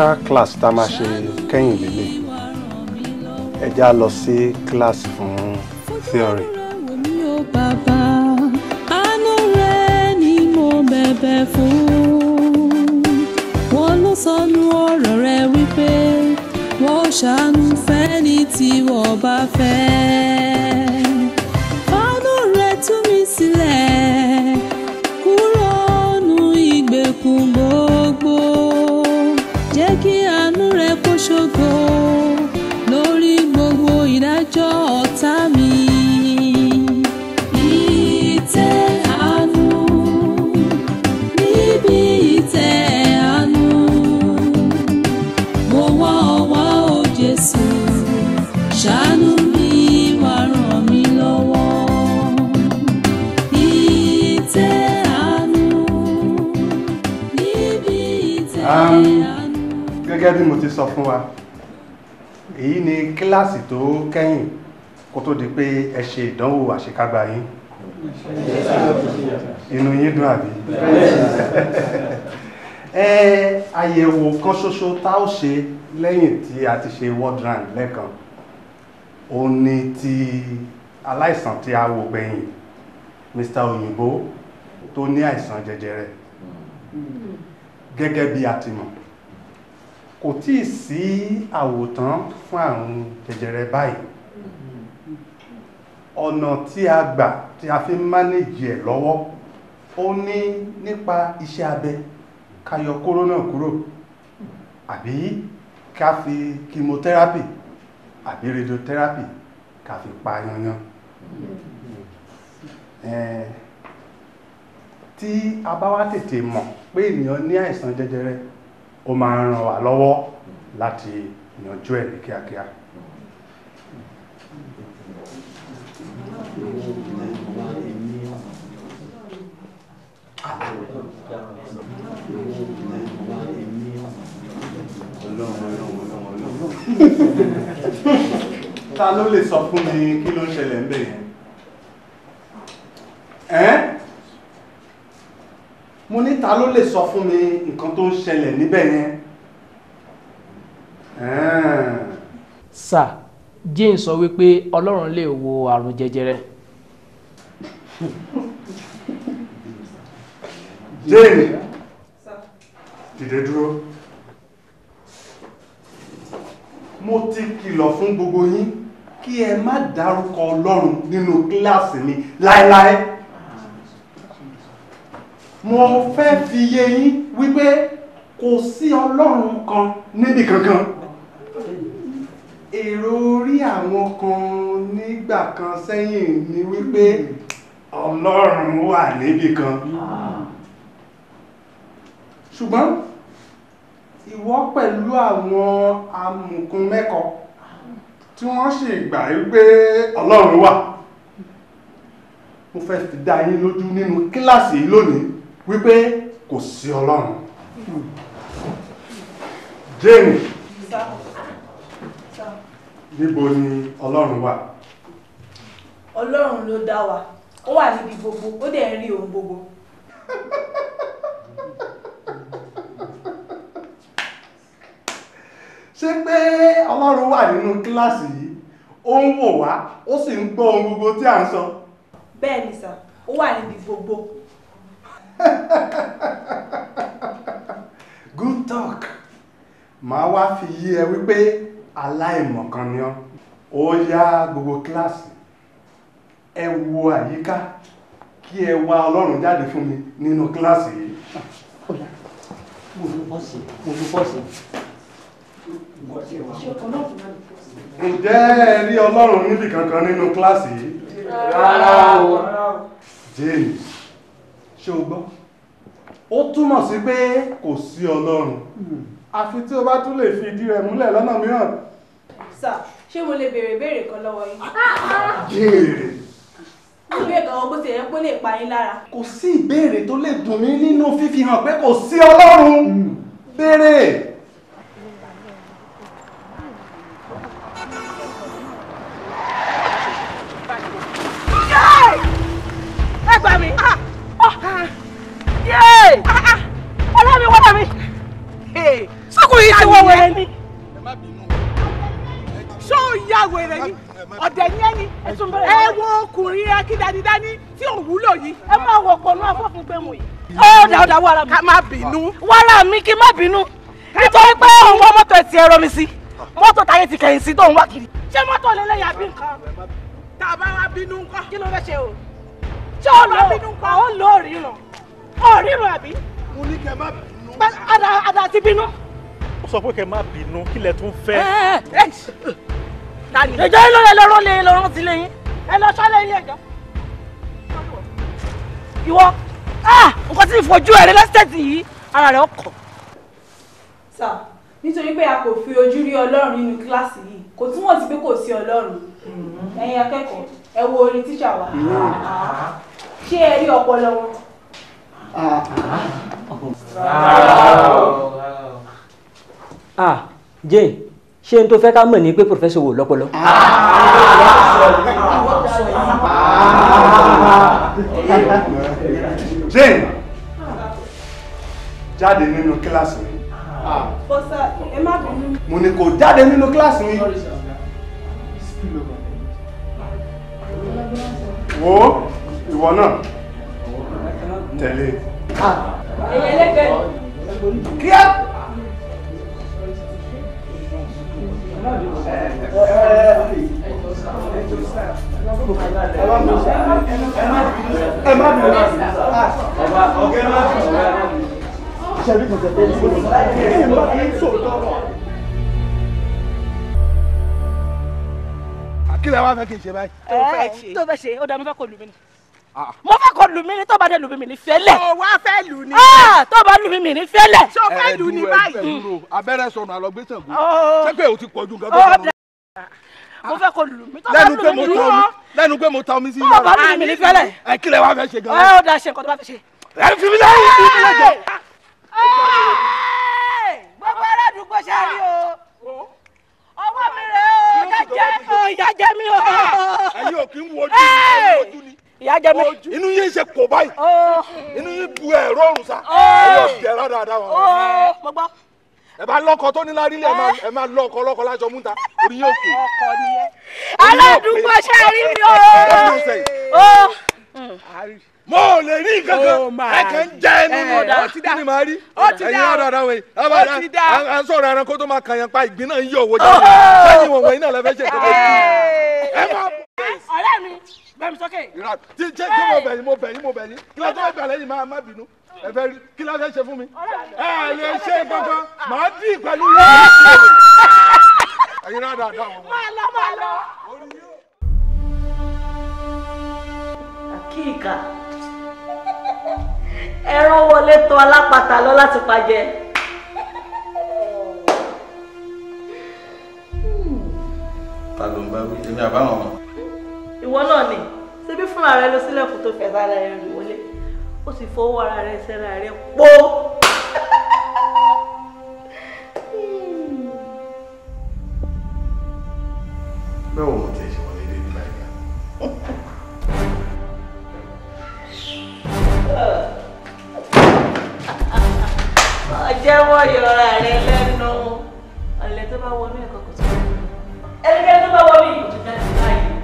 practical class tá a máa ṣe kẹ́yìn lélẹ̀ ẹ já lọ sí class fún theory. Bàbá, àánú ni tí wọ́n bá fẹ́. ni mo ti sọ fún wa èyí ni kíláàsì tó kẹ́yìn kó tó di pé ẹ ṣe ìdánwò àṣekágbá yín inú yín dùn àbí ẹ àyẹ̀wò kan ṣoṣo tá ó ṣe lẹ́yìn tí a ti ṣe world round lẹ́ẹ̀kan ó ní ti aláìsàn tí a wò gbẹ̀yìn Mr. Òyìnbó tó ní àìsàn jẹjẹrẹ gẹ́gẹ́ bí a ti mọ̀ kò tí ì sí àwòtán fún àrùn jẹjẹrẹ báyìí ọ̀nà tí a gbà tí a fi ń mánéjì ẹ̀ lọ́wọ́ ó ní nípa iṣẹ́ abẹ ká yọ kórónà kúrò àbí ká fi chemotherapy àbí radiotherapy ká fi pa yanyan tí a bá wá tètè mọ̀ pé ènìyàn ní àìsàn jẹjẹrẹ ó máa ń ràn wá lọ́wọ́ láti yanjú ẹ̀ ní kíákíá. ta ló lè sọ fún mi kí ló ń ṣẹlẹ̀ ń bẹ̀ yẹn? mo ní ta ló lè sọ fún mi nǹkan tó ń ṣẹlẹ̀ níbẹ̀ yẹn. sà jane sọ wípé ọlọ́run lè wo àrùn jẹjẹrẹ. jane dìde dúró mo ti kìlọ̀ fún gbogbo yín kí ẹ má dárúkọ ọlọ́run nínú kíláàsì mi láéláé mo fẹ́ fi yé yín wípé kò sí ọlọ́run kan níbi kankan èrò orí àwọn kan nígbà kan sẹ́yìn ni wípé ọlọ́run wà níbi kan ṣùgbọ́n ìwọ pẹ̀lú àwọn amùkún mẹ́kọ̀ọ́ tí wọ́n sì gbà wípé ọlọ́run wà mo fẹ́ fi dá yín lójú nínú kíláàsì yìí lónìí wípé kò sí ọlọ́run jane níbo ni ọlọ́run wà. ọlọ́run ló dá wa ó wà níbi gbogbo ó dẹ̀ ń rí ohun gbogbo. ṣé pé ọlọ́run wà nínú kíláàsì yìí ó ń wò wá ó sì ń gbọ́ ohun gbogbo tí à ń sọ. bẹ́ẹ̀ ni sà ó wà níbi gbogbo good talk màá wá fi yé ẹ wípé aláìmọ̀kan ni ọ́ ó yá gbogbo kíláàsì ẹ wo àyíká kí ẹ wá ọlọ́run jáde fún mi nínú kíláàsì yìí. mo lu bọ́ọ̀sì mo lu bọ́ọ̀sì. ǹjẹ́ ẹ rí ọlọ́run níbì kankan nínú kíláàsì yìí? rárá o. James ṣé o gbọ́ ó túmọ̀ sí pé kò sí ọlọ́run àfi tí o bá tún lè fi ìdí rẹ̀ múlẹ̀ lọ́nà mìíràn. sà ṣé mo lè béèrè béèrè kan lọ́wọ́ yín. béèrè. ìwé ìkàwọ́ bó ṣe yẹ kó lè pa yín lára. kò sí ìbéèrè tó lè dùn mí nínú fífi hàn pé kò sí ọlọ́run hmm. béèrè. sọkùnrin ti wọ wẹrẹ ni ṣó ya wẹrẹ ni ọ̀dẹ̀ ni ẹni ẹ wo ọkùnrin akíndánidání tí ò wúlò yìí. ẹ máa wọ pọnú afọ́fun pé yìí. ó dà wàrà mi. ká má bínú. wàrà mi kí má bínú nítorí pé òun wọ mọ́tò ẹ̀sìn ẹ̀rọ mi sí mọ́tò táyé ti kẹ̀yìn sí tóun wá kiri. ṣé mọ́tò lélẹ̀ yà bí nǹkan. tá a bá wá bínú ńkọ́. kí ló fẹ́ ṣe o. ṣé ó lọ bínú ńkọ́. ó lọ òrìràn òrìràn àbí. mo ní kẹ́ má bínú ada ti bínú. ó sọ pé kẹ́ má bínú kí lẹ tún fẹ́. ìjọ yín lọ́rọ̀ lọ́rọ̀ lè lọ́rọ̀ sí lẹ́yìn ẹ lọ sọ́lẹ̀ ilé ẹ̀jọ́. ìwọ ah, nǹkan tí ìfojú ẹ̀rẹ́ lẹ́sítẹ̀tì yìí ara rẹ̀ ọkọ̀. sà nítorí pé a kò fi ojú rí ọlọ́run nínú kíláàsì yìí kò túmọ̀ sí pé kò sí ọlọ́run mm-hmm. ẹ̀yin akẹ́kọ̀ọ́ ẹ wo orin tíṣà wa mm-hmm. ṣé ẹ rí ọpọlọ wọn ah, ah, ah jane ṣé n tó fẹ́ ká mọ̀ ní pé professor wò lọ́pọlọ. Ah. jane jáde nínú kíláàsì mi. bọ́sà ẹ má bínú. mo ní kó jáde nínú kíláàsì mi. wo ìwọ náà tẹ̀lé. èyí ẹlẹ́gbẹ́ kíá. ẹ má bínú ọba ọgẹ má bínú ṣẹlí kò tẹ tẹlifí ẹ má bínú sòótọ́ rọ. kí lè wá fẹ́ kí n ṣe báyìí. tó fẹ́ ṣe tó fẹ́ ó dá mi fẹ́ kó lù mí ni. Ah. mo fẹ́ kó lù mí ni tó bá dé lù mí mi ní fẹ́lẹ̀. o wá fẹ́ lù ní. Ah, tó bá lù mí mi ní fẹ́lẹ̀. sọ fẹ́ lù ní báyìí. abẹ́rẹ́ sọnù àlọ́gbẹ́sàngó sẹ́pẹ̀ oh. ò ti pọ̀ ju nǹkan tó oh, mo fẹ́ kó lù mí tó bá lù mí lù lẹ́nu pé mo ta omi sí i lára. bọ́ọ̀ bá lù mí ní fẹ́lẹ̀. ẹ kílẹ̀ wá fẹ́ ṣe gan. ẹ ó da ṣe nǹkan tó bá fẹ́ ṣe. ẹ fi mi lẹ́yìn fi mi lẹ́jọ́. gbogbo aládùúgbò ṣe rí ọwọ́ mi rẹ̀ o jẹ́jẹ́ mi o ìyá jẹ́ mi o. ẹ̀yin ò kí ń wojú ni ìyá jẹ mi. inú yín ṣe kò báyìí oh. inú yín bu ẹ̀rọ ọ̀rùn sa oh. ẹ yóò tẹ̀ra wọn. Oh. mo gbọ́. ẹ bá lọ́kọ tó ní lárílẹ̀ ẹ máa lọ ọkọ lọ́kọ lájọ múta orí yóò pè. aládùúgbò ṣe rí mi o. mo ò lè rí nǹkan kan ẹ kàn ń jẹ ẹnu ní ọtí dá ẹyin ọ̀dọ̀ ọ̀dọ̀ wẹ̀ à ń sọ̀rọ̀ ẹranko tó máa kàn pa ìgbín náà yí òwò jáde sẹ́yìn wọ̀nyí náà lẹ́fẹ̀ẹ́ ṣe tó bẹ́ẹ̀ máa bọ̀. ọ̀rẹ́ mi bẹ́ẹ̀ mi sókè. ìrà tí tí tí mo bẹ̀ mo bẹ̀ mo bẹ̀ yín kí ló tó bẹ̀ lẹ́yìn máa má bínú ẹ fẹ́ rí kí ló fẹ́ ṣe fún mi. ẹ lè ṣe kankan màá dì pẹ̀lú yín. ẹ̀yin náà dáadáa wọ̀ wọ̀. máa lọ máa lọ. àkíkà ẹran wọlé tó alápatà lọ láti pajẹ. ta ló ń bá wí èmi àbáwọn ìwọ náà ni ṣebí fúnra rẹ ló sílẹ̀kùn tó fẹ́ sára rẹ rìn wọlé ó sì fọwọ́ ara rẹ sẹ́ra rẹ pó. báwo mo tẹ̀ ṣe wọlé débi báyìí ọjẹ́wọ́ yọra rẹ lẹ́nu ọ̀lẹ́ tó bá wọnú ẹ̀kọ́ kò tó bá wọnú ẹnikẹ́ni tó bá wọnú ìjìnlẹ̀ báyìí.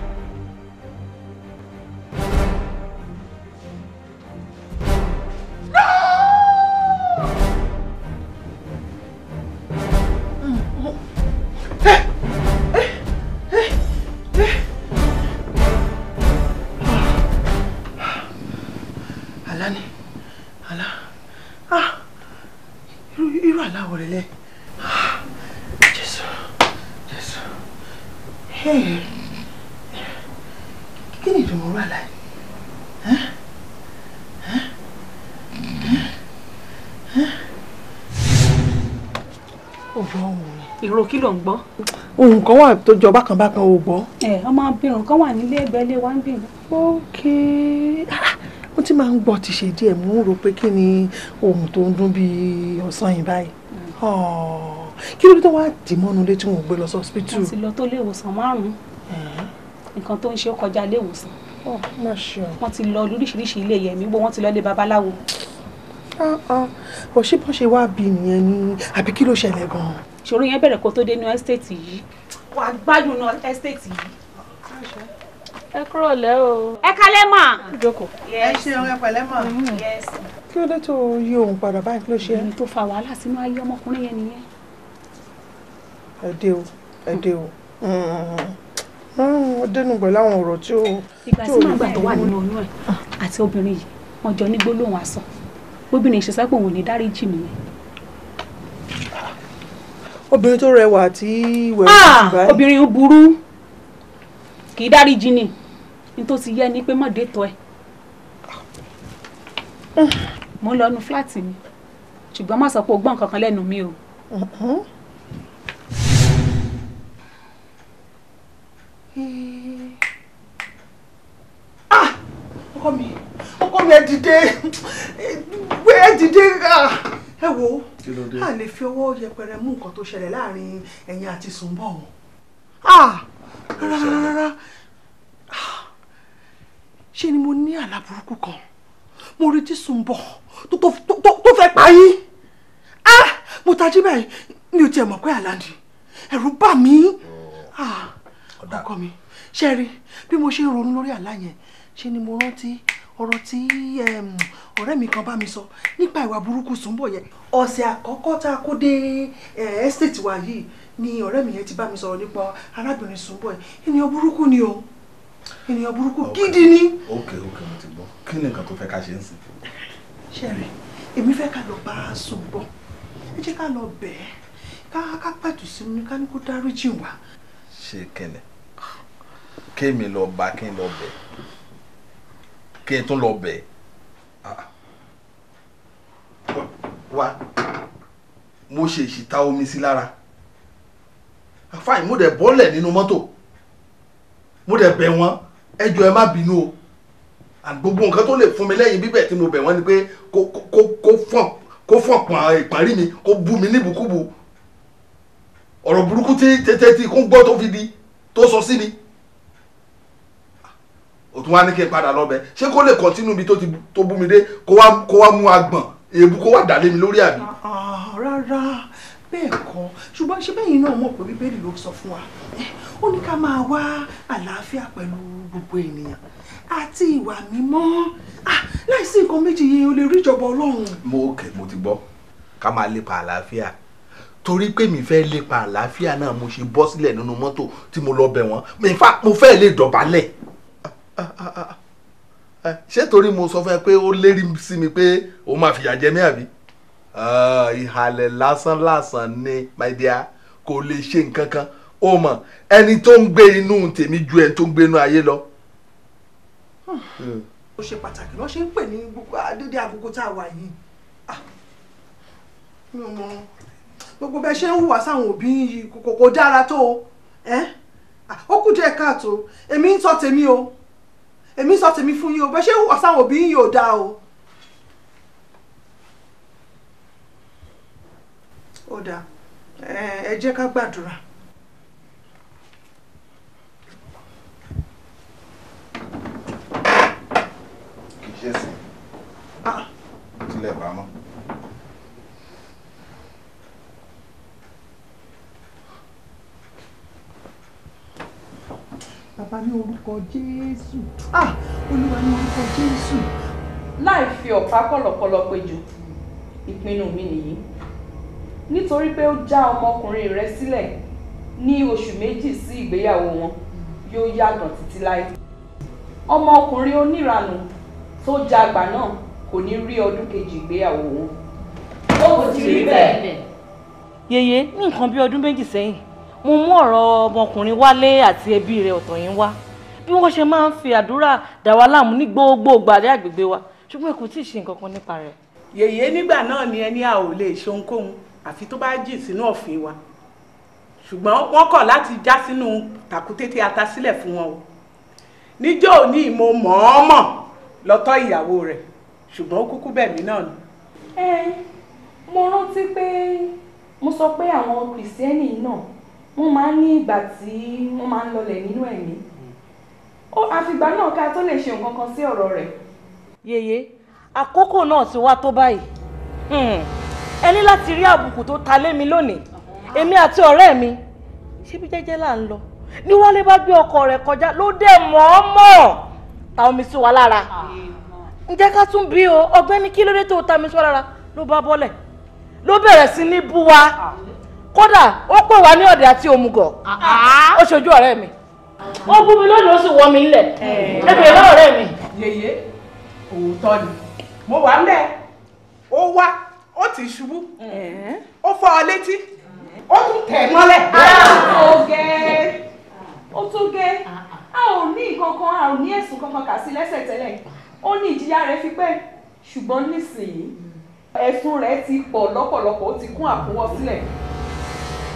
ó gbọ́ ohun mi. ìró kí ló ń gbọ́. ohun kan wà tó jọ bákan bákan ò gbọ́. ẹ ọmọ abirùn kan wà nílé ẹgbẹ́ ilé wa ń bì. ókè mo ti máa ń gbọ́ ti ṣe díẹ̀ mo ń rò pé kí ni ohun tó ń dún bíi ọ̀sán yìí báyìí mm. kí ló dé tó wá dì mọ́nu létí wọn ò gbé lọ sí hospital. mo ti lọ tó ilé ìwòsàn márùn-ún nǹkan tó ń ṣe ó kọjá ilé ìwòsàn. wọ́n ti lọ lóríṣiríṣi ilé yẹ̀mí gbó wọ́n ti lọ ilé babaláwo Ah, ah. bọ̀ ṣé bọ́ ṣe wá bí nìyẹn ni àbí kí ló ṣẹlẹ̀ gan-an. ìṣòro yẹn bẹ̀rẹ̀ kó tó dé ní ẹ́stéètì yìí wàá gbádùn ní ẹ́stéètì yìí. ẹ kúrò lẹ́ o. ẹ kalẹ́ mà. jókòó. ẹ ṣeun ẹ pẹ̀lẹ́ mà. Mm-hmm. kí ló dé tó yí òun padà báyìí kí ló ṣe. èyí tó fa wàhálà sínú ayé ọmọkùnrin yẹn nìyẹn. ẹ dé o ẹ dé o ó mm-hmm. mm-hmm. dénú pẹ̀lú àwọn ọ̀rọ̀ tí ó. ìgbà tí màgbà tó wà nínú oyún ẹ̀ àti obìnrin yìí wọ́n jọ ní gbólóhùn asọ̀. obìnrin ìṣẹ́sápò wò ní dáríjì nìyẹn. obìnrin tó rẹwà àti ìwẹ̀ òkùnkùn. Ah! obìnrin burú kì í dáríjì ni nítòsí yẹ ni pé má dé tọ́ ẹ. mo ń lọ inú fúláàtì mi ṣùgbọ́n má sọ pé o gbọ́n kankan lẹ́nu mi o. Uh-huh. ah ọkọ mi. ọkọ mi ẹ dìde ẹ dìde ah. ẹ wo a lè fi ọwọ́ yẹpẹrẹ mú nǹkan tó ṣẹlẹ̀ láàrin ẹ̀yin àti Sùnbọ̀ wọn ah. rárá ah. ṣe ni mo ní àlá burúkú kan mo rí tí Sùnbọ̀ tó fẹ́ pa yín mo tají báyìí mi ò tiẹ̀ mọ̀ pé àlá ni ẹ̀rù bà mí oh. ọkọ mi ṣe rí bí mo ṣe ń ronú lórí àlá yẹn ṣe ni mo rántí ọ̀rọ̀ tí ọ̀rẹ́ mi kan bá mi sọ nípa ìwà burúkú Sùnbọ̀ yẹn ọ̀sẹ̀ àkọ́kọ́ tá a kó dé estate wa yìí ni ọ̀rẹ́ mi yẹn ti bá mi sọ̀rọ̀ nípa arábìnrin Sùnbọ̀ yẹn ènìyàn burúkú ni o ènìyàn burúkú gidi ni. ok ok mo ti gbọ́ kí ni nǹkan tó fẹ́ ká ṣe ń sìn. ṣẹ́rí èmi fẹ́ ká lọ bá a Sùnbọ̀ ẹ jẹ́ ká lọ bẹ̀ẹ́ ká ká pẹ̀tù sínú ní ká ní kó dáríjì wá. ṣé kẹ́lẹ̀ kémi lọ bá kí n lọ bẹ̀ẹ́ kẹ́ ẹ tún lọ bẹ̀. Ah. wa mo ṣe ìṣìta omi sí lára ah, fáìn mo bọ́lẹ̀ nínú mọ́tò mo dẹ̀ bẹ̀ wọ́n ẹ jọ̀ọ́ ẹ má bínú o gbogbo nǹkan tó lè fún mi lẹ́yìn bíbẹ̀ tí mo bẹ̀ wọ́n ni pé kó fọ̀n pọ̀n ìparí mi kó bú mi níbùkúbù ọ̀rọ̀ burúkú tí tètè tí kó gbọ́ tó fi di tó sọ sí mi o tún wá ní kí n padà lọ́bẹ̀ ṣé kó lè kọ́tínú ibi tó bú mi dé kó wá mú agbọ̀n èébú kó wá dàlé mi lórí àbí. Ah, rárá bẹ́ẹ̀ kọ́ ṣùgbọ́n ṣé bẹ́yìn náà mọ̀ pé bíbélì ló sọ fún wa eh, ó ní ká máa wá àlàáfíà pẹ̀lú gbogbo ènìyàn àti ìwà mímọ́ ah, láìsí nǹkan méjì yìí o lè rí ìjọba ọlọ́run. mo kẹ mo ti gbọ́ ká máa lépa àlàáfíà torí pé mi fẹ́ lépa àlàáfíà náà mo ṣe bọ́ sílẹ̀ nínú mọ́tò tí mo lọ bẹ̀ wọ́n fa mo fẹ́ lè dọ̀bálẹ̀ Eh, eh, eh, ṣé torí mo sọ fún ẹ pé ó lérí sí mi pé òun máa fìyà jẹ mí àbí ah, ìhàlẹ̀ lásán lásán ni my dear kò lè ṣe nǹkan kan ó mọ̀ ẹni tó ń gbé inú tèmi ju ẹni tó ń gbé inú ayé lọ. Hmm. ó ṣe pàtàkì lọ́ọ́ ṣe ń pè ní gbogbo adédé àkókò tá a wà yìí ah, mi ò mọ gbogbo bẹ́ẹ̀ ṣe ń hùwà sáwọn òbí yìí kò dára tó o ah, ó kù díẹ̀ káàtó èmi ń sọ tèmi o èmi sọ tèmi fún yín o bẹ́ẹ̀ ṣé ọ̀sán òbí yín yóò dáa o. ó dáa ẹ jẹ́ ká gbàdúrà. kì í ṣe sìn. Ah. tilẹ̀ bá mọ́. ní orúkọ Jésù ah olúwa ní orúkọ Jésù. láì fi ọ̀pá kọ̀lọ̀kọ̀lọ̀ péjọ ìpinnu mi nìyí nítorí pé ó já ọmọkùnrin rẹ sílẹ̀ ní oṣù méjì sí ìgbéyàwó wọn yóò yàgàn títí láì. ọmọkùnrin oníranù tó jagbà náà kò ní rí ọdún kejì ìgbéyàwó wọn. ó kò ti rí bẹ́ẹ̀. yèyé ní nǹkan bí ọdún méjì sẹ́yìn mo mú ọ̀rọ̀ ọmọkùnrin wálé àti ẹbí rẹ̀ ọ̀tọ̀ yín wá bí wọ́n ṣe máa ń fi àdúrà dà wá láàmú ní gbogbo gbàdé àgbègbè wa ṣùgbọ́n kò tí ì ṣe nǹkan kan nípa rẹ̀. yèyé nígbà náà ni ẹni a ò lè ṣe ohunkóhun àfi tó bá jì sínú òfin wa ṣùgbọ́n wọ́n kọ̀ láti já sínú tàkútété ata sílẹ̀ fún wọn o níjọ́ òní mo mọ̀ọ́mọ̀ lọ́tọ́ ìyàwó rẹ̀ ṣùgbọ́n ó kúkú bẹ̀mí náà ni. ẹ mo rántí pé mo sọ pé àwọn kìrìsìtẹ́nì náà wọ́n máa ń ní ìgbà tí wọ́n máa ń lọlẹ̀ nínú ẹ̀mí ó àfìgbà náà ká tó lè ṣe nǹkan kan sí ọ̀rọ̀ rẹ̀. yèyé àkókò náà ti wá tó báyìí hmm. ẹ ní láti rí àbùkù tó ta lé mi lónìí èmi àti ọ̀rẹ́ mi ṣebí jẹ́jẹ́ là ń lọ ní wálé bá gbé ọkọ rẹ̀ kọjá ló dé mọ̀ọ́mọ̀ ta omi sí wa lára ǹjẹ́ ká tún bí o ọ̀gbẹ́ni kí ló dé tó ta omi sí wa lára ló bá bọ́lẹ̀ ló bẹ̀rẹ̀ sí ní bú kódà ó pè wá ní ọ̀dẹ̀ àti òmùgọ̀ ó ṣojú ọ̀rẹ́ mi ó bú mi lónìí ó sì wọ́ mi nílẹ̀ ẹ bèrè lọ́wọ́ ọ̀rẹ́ mi. yèyé òótọ́ ni mo wà ńlẹ̀ ó wá ó ti ṣubú ó fọ́ ọ létí ó tún tẹ̀ mọ́lẹ̀. ó gẹ́ ó tún gẹ́ a ò ní nǹkan kan a ò ní ẹ̀sùn kankan kà sí lẹ́sẹ̀ tẹ́lẹ̀ ó ní ìjìyà rẹ̀ fi pẹ́ ṣùgbọ́n nísìnyí ẹ̀sùn rẹ̀ ti pọ̀ lọ́pọ̀lọpọ̀ ó ti kún àkúnwọ́ sílẹ̀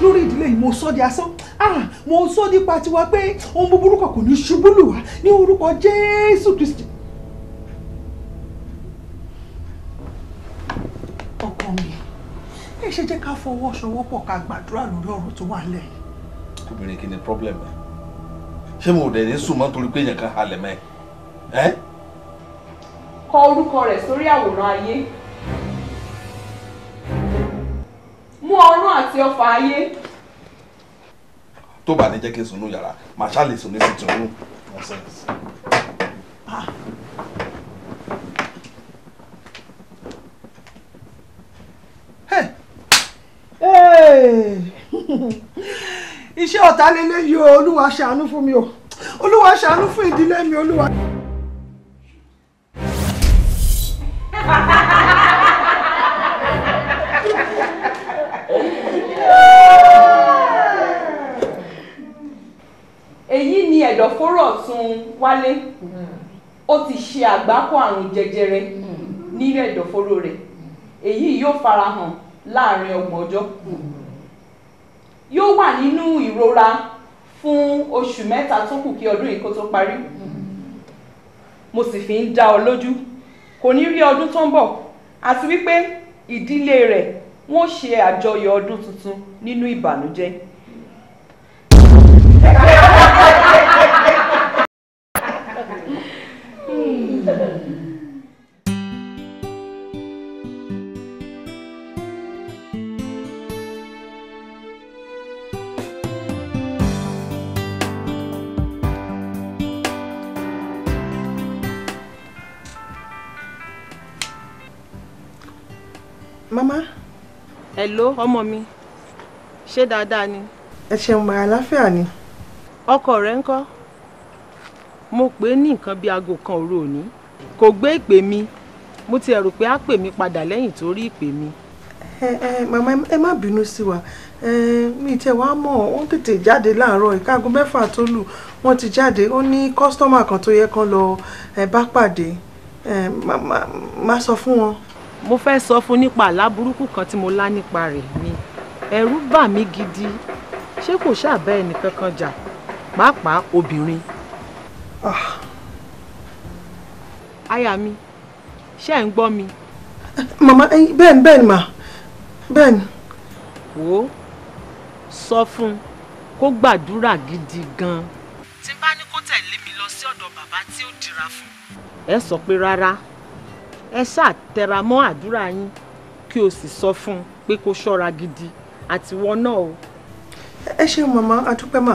lórí ìdílé yìí mo sọ di asán ah mo sọ nípa tiwa pé ohun búburú kan kò ní ṣubú lù wá ní orúkọ Jésù Kristi. ọkọ mi ẹ ṣe jẹ́ ká fọwọ́sowọ́pọ̀ ká gbàdúrà lórí ọ̀rọ̀ tó wà lẹ̀. obìnrin kí ni problem ẹ ṣé mo dẹ̀ ní sùn mọ́ torí pé èèyàn kan halẹ̀ mẹ́ ẹ. kọ orúkọ rẹ̀ sórí àwòrán ayé. àti ọfà ayé. tó bá ní jẹ́ kí n sunú yàrá màá ṣáà lè sùn ní sùn tún ah. iṣẹ́ ọ̀tá lélẹ́yìí o olúwa ṣàánú fún mi o olúwa ṣàánú fún ìdílé mi olúwa. ẹ̀dọ̀fóró ọ̀tún wálé hmm. ó ti ṣe àgbákò àrùn jẹjẹrẹ hmm. nínú ẹ̀dọ̀fóró rẹ̀ èyí yóò farahàn láàrin ọgbọ̀n ọjọ́ hmm. yóò wà nínú ìrora fún oṣù mẹ́ta tó kù kí ọdún yìí kó tó parí mo sì fi ń dá ọ lójú kò ní rí ọdún tó ń bọ̀ àti wípé ìdílé rẹ̀ wọ́n ṣe àjọyọ̀ ọdún tuntun nínú ìbànújẹ́. hello ọmọ mi ṣé dáadáa ni. ẹ ṣeun màá láfíà ni. ọkọ rẹ ń kọ́ mo pè é ní nǹkan bíi aago kan òru òní kò gbé ìpè mi mo ti ẹ̀rù pé á pè mí padà lẹ́yìn tó rí ìpè mi. ẹ ẹ màmá ẹ má bínú sí wa mi tẹ wá mọ̀ wọ́n tètè jáde láàárọ̀ ìkaago mẹ́fà tó lù wọ́n ti jáde ó ní kọ́sítọ́mà kan tó yẹ kán lọ bá pàdé má sọ fún wọn mo fẹ́ sọ fún nípa àlá burúkú kan tí mo lá nípa rẹ̀ ni ẹ̀rù bà mí gidi ṣé kò ṣàbẹ́ ẹnìkankan jà pàápàá obìnrin. Ah. aya mi ṣé ẹ̀ ń gbọ́ mi. màmá bẹ́ẹ̀ ni bẹ́ẹ̀ ni mà bẹ́ẹ̀ ni. wò ó sọ fún un kó gbàdúrà gidi gan-an. tí n bá ní kó tẹ̀lé mi lọ sí ọ̀dọ̀ bàbá tí ó dira fún. ẹ sọ pé rárá ẹ ṣáà tẹra mọ́ àdúrà yín kí o sì sọ fún un pé kó ṣọ́ra gidi àti wọn náà o. ẹ ṣe màmá àdúpẹ́ mà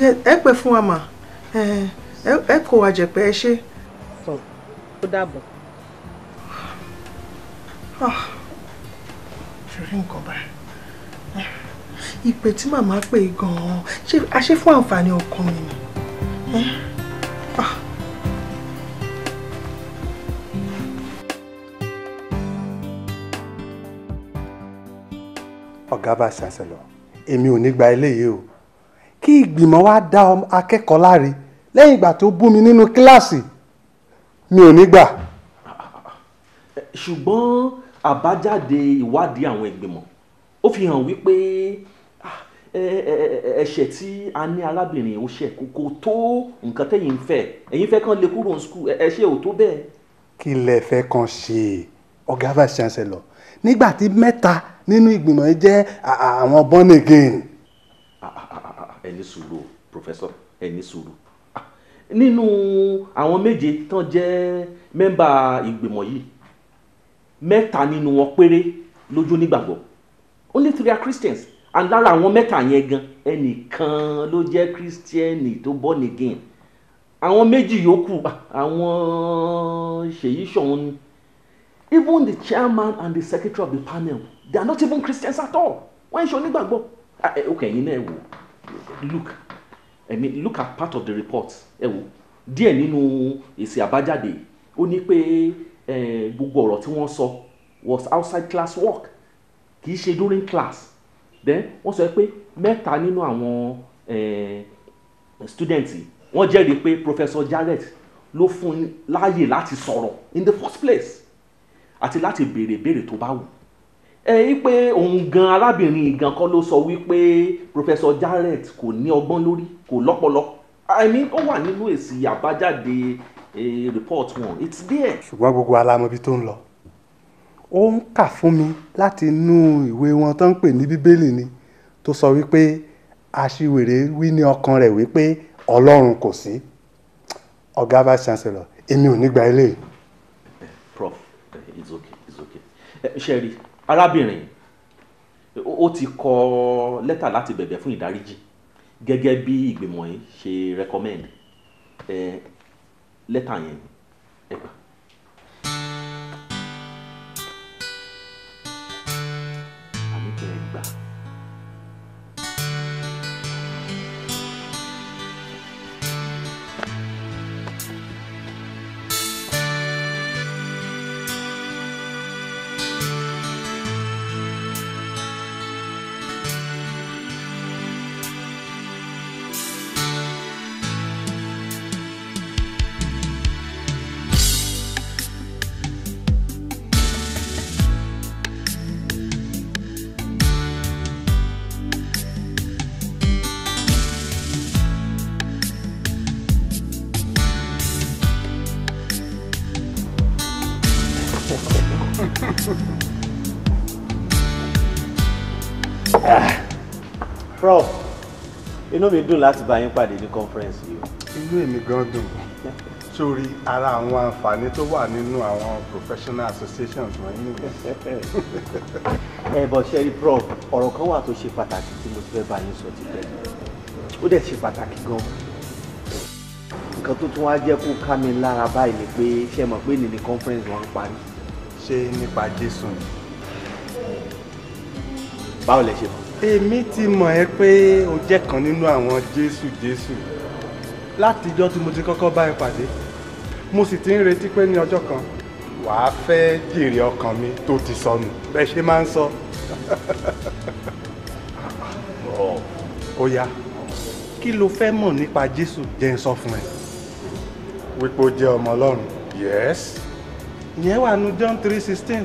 ẹ pẹ́ fún wa mà ẹ kò wá jẹ̀pẹ́ ẹ ṣe. ó dàbọ̀. ṣòrí ah, nǹkan báyìí ìpè tí màmá pè gan-an ṣe fún àǹfààní ọkàn mi ni. Ah. ọ̀gá bá ṣàṣẹ lọ èmi ò ní gba eléyìí o kí ìgbìmọ̀ wa dá akẹ́kọ̀ọ́ láre lẹ́yìn ìgbà tó bú mi nínú kíláàsì mi ò ní gbà. ṣùgbọ́n àbájáde ìwádìí àwọn ìgbìmọ̀ ó fi hàn wípé ah, ẹ̀ṣẹ̀ tí a ní arábìnrin ò ṣe kò tó nǹkan tẹ́yìn ń fẹ́ ẹ̀yin fẹ́ kàn lè kúrò ní skul ẹ̀ṣẹ̀ ò tó bẹ́ẹ̀. kí lẹ fẹ́ kàn ṣe ọ̀gá vice chancellor nígbà tí mẹ́ta nínú ìgbìmọ̀ yìí jẹ́ àwọn born again. ẹ ní sùúrù professor ẹ ní sùúrù nínú àwọn méje tán jẹ́ mẹ́mbà ìgbìmọ̀ yìí mẹ́ta nínú wọn péré lójú nígbàgbọ́ only three are Christians and lára àwọn mẹ́ta yẹn gan ẹnìkan ló jẹ́ kírísítíẹ́nì tó born again àwọn méjì yòókù àwọn ṣèyí ṣọ̀hún even the chairman and the secretary of the panel they are not even Christians at all wọ́n ń ṣe onígbàgbọ́ ah, eh, ok ẹ̀yin náà ẹ wò look I mean look at part of the report ẹ wò díẹ̀ nínú èsì àbájáde ó ní pé eh, gbogbo ọ̀rọ̀ tí wọ́n sọ was outside class work kì í ṣe during class then wọ́n sọ pé mẹ́ta nínú àwọn eh, students wọ́n jẹ́rìí pé professor Jarrett ló fún un láàyè láti sọ̀rọ̀ in the first place àti láti béèrè béèrè tó bá wù wípé òun gan arábìnrin gan kọ́ ló sọ wípé Professor Jarrett kò ní ọgbọ́n lórí kò lọ́pọlọ i mean ó wà nínú èsì àbájáde e, report wọn it's there. ṣùgbọ́n gbogbo alamọbi tó ń lọ ó ń kà fún mi láti inú ìwé wọn tó ń pè ní bíbélì ni tó sọ wípé aṣiwèrè wí ní ọkàn rẹ̀ wípé ọlọ́run kò sí ọ̀gá vice chancellor èmi ò ní gba eléyìí. prof it's okay it's okay ṣe arábìnrin ó ti kọ lẹ́tà láti bẹ̀bẹ̀ fún ìdáríjì gẹ́gẹ́ bí ìgbìmọ̀ yìí ṣe recommend ẹ lẹ́tà yẹn ẹ gbà. àníkẹ́ ẹ prof inú mi dùn láti bá yín pàdé ní conference yìí. inú èmi gan dùn sórí ara àwọn àǹfààní tó wà nínú àwọn professional associations wọ̀nyí nìyẹn. ẹ bọ̀ ṣẹ́rí prof ọ̀rọ̀ kan wà tó ṣe pàtàkì tí mo fẹ́ bá yín sọ ti pẹ́ ó dẹ̀ ṣe pàtàkì gan. nǹkan tó tún wá jẹ́ kó ká mi lára báyìí ni pé ṣe mọ̀ pé nìní conference wọn ń parí. ṣé nípa Jésù ni. báwo lẹ ṣe mọ̀ èmi ti mọ̀ ẹ́ pé o jẹ́ kan nínú àwọn jésù jésù látijọ́ tí mo ti kọ́kọ́ bá ẹ pàdé mo sì ti ń retí pé ní ọjọ́ kan wàá fẹ́ jèrè ọkàn mi tó ti sọnù bẹ́ẹ̀ ṣe máa ń sọ. ó yá kí lo fẹ́ mọ̀ nípa jésù jẹ́ ń sọ fún ẹ. wípé ó jẹ́ ọmọ ọlọ́run yes. ìyẹn wà nù John three sixteen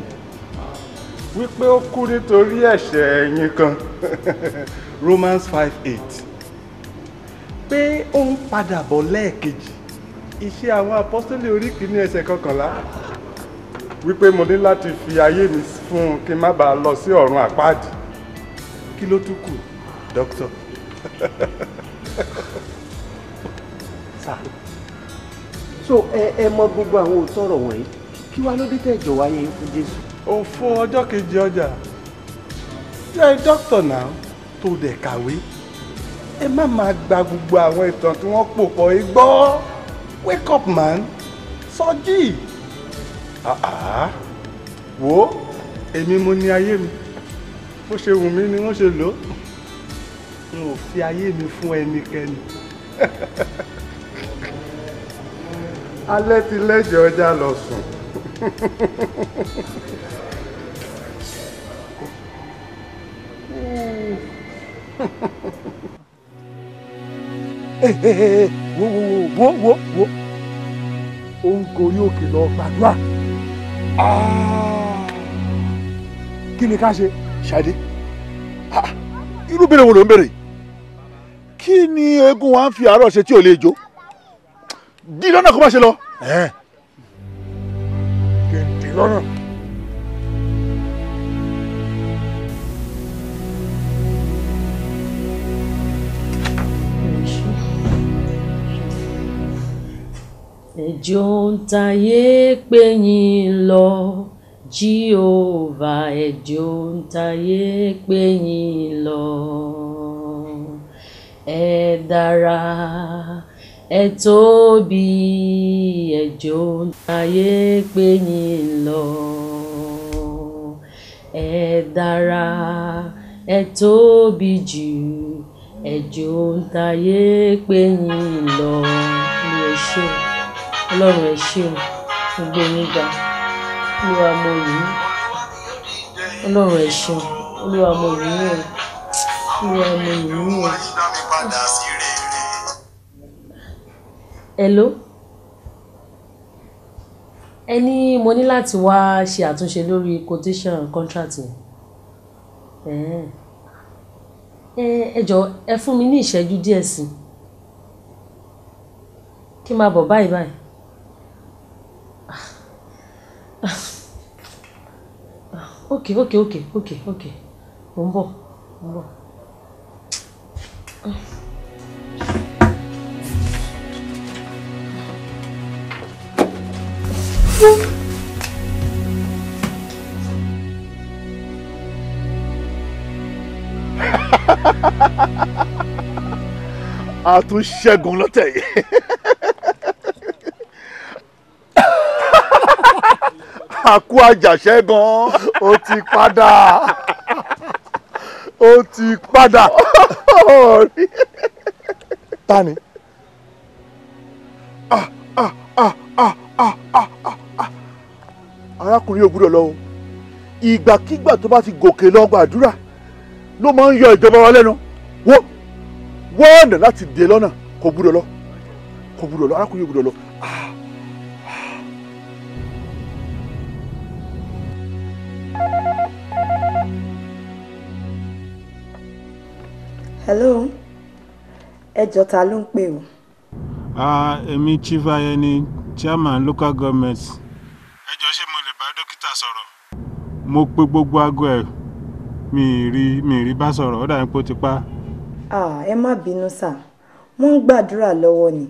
wípé ó kú nítorí ẹ̀ṣẹ̀ ẹ̀yin kan Romans five eight pé ó ń padà bọ̀ lẹ́ẹ̀kejì iṣẹ́ àwọn apọ́sítélì orí kìíní ẹsẹ̀ kọkànlá wípé mo ní láti fi ayé mi fún un kí n má bàa lọ sí ọ̀run àpáàdì kí ló tún kù dókítà so ẹ ẹ mọ gbogbo àwọn òótọ́ ọ̀rọ̀ wọ̀nyí kí wàá ló dé tẹ̀ jọ wáyé fún Jésù òfò ọjọ́ kejì ọjà jẹ́ dókítà náà tó dẹ̀ kàwé ẹ má máa gba gbogbo àwọn ìtàn tí wọ́n pò pọ̀ ẹ wake up man sọjí wo èmi mo ní ayé mi bó ṣe wù mí ni wọ́n ṣe lò ó n ò fi ayé mi fún ẹnikẹ́ni alẹ́ ti lẹ́jọ́ ọjà lọ sùn. Eh, eh, eh, wo wo wo wo wo ó ń gorí òkè lọ gbàdúrà ah. kí ni ká ṣe ṣàdé ah, irú béèrè wo ló ń béèrè kí ni eégún wa ń fi àárọ̀ ṣe tí ò lè jó dí kó má ṣe lọ. dí lọ́nà. Ẹ̀díòǹtayé gbé yín lọ Jèhófà ẹ̀díòǹtayé gbé yín lọ. Ẹ dára ẹ tóbi ẹ̀díòǹtayé gbé yín lọ. Ẹ dára ẹ tóbi jù ẹ̀díòǹtayé gbé yín lọ. Ẹ ṣeun ọlọ́run ẹ ṣé o gbogbo yín ga olúwa mo yìí ọlọ́run ẹ ṣé olúwa mo yìí o olúwa mo yìí o. hello ẹ ní mo ní láti wá ṣe àtúnṣe lórí quotation contract yẹn ẹ jọ̀ọ́ ẹ fún mi ní ìṣẹ́jú díẹ̀ sí kí n máa bọ̀ báyìí báyìí okay okay okay okay okay mò ń bọ̀ mò ń bọ̀. a tún ṣẹ́gun lọ́tẹ̀ yìí àkú àjàṣẹ́ gan-an ó ti padà ó ti padà tani. arákùnrin ògbúdọ̀ lọ o ìgbàkígbà tó bá ti gòkè lọ gbàdúrà ló máa ń yọ ìjọba wa lẹ́nu wọ́ọ̀nà láti dè lọ́nà kò gbúdọ̀ lọ kò gbúdọ̀ lọ arákùnrin ògbúdọ̀ lọ hello ẹjọ́ ta ló ń pè o. èmi chief ayẹni chairman local government. ẹjọ́ ṣé mo lè bá dókítà sọ̀rọ̀. mo pe gbogbo aago ẹ̀ mi rí mi rí bá sọ̀rọ̀ ó dàbí pé ó ti pa. ẹ má bínú sà wọ́n ń gbàdúrà lọ́wọ́ ni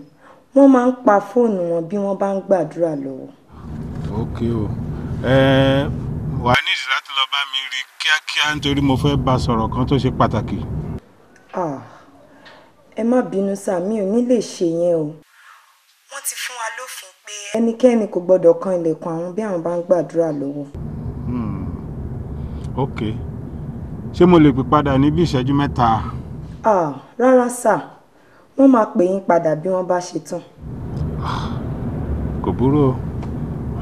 wọ́n máa ń pa fóònù wọn bí wọ́n bá ń gbàdúrà lọ́wọ́. ok o wàá nídìí láti lọ bá mi rí kíákíá nítorí mo fẹ́ bá sọ̀rọ̀ kan tó ṣe pàtàkì ẹ má bínú sá mi ò ní lè ṣe yẹn o wọ́n ti fún wa lófin pé ẹnikẹ́ni kò gbọ́dọ̀ kan ilẹ̀kùn àwọn bí àwọn bá ń gbàdúrà lọ́wọ́. Hmm, ok ṣé mo lè pè padà ní bí ìṣẹ́jú mẹ́ta. rárá sá wọ́n máa pè yín padà bí wọ́n bá ṣe tán. Ah, kò burú o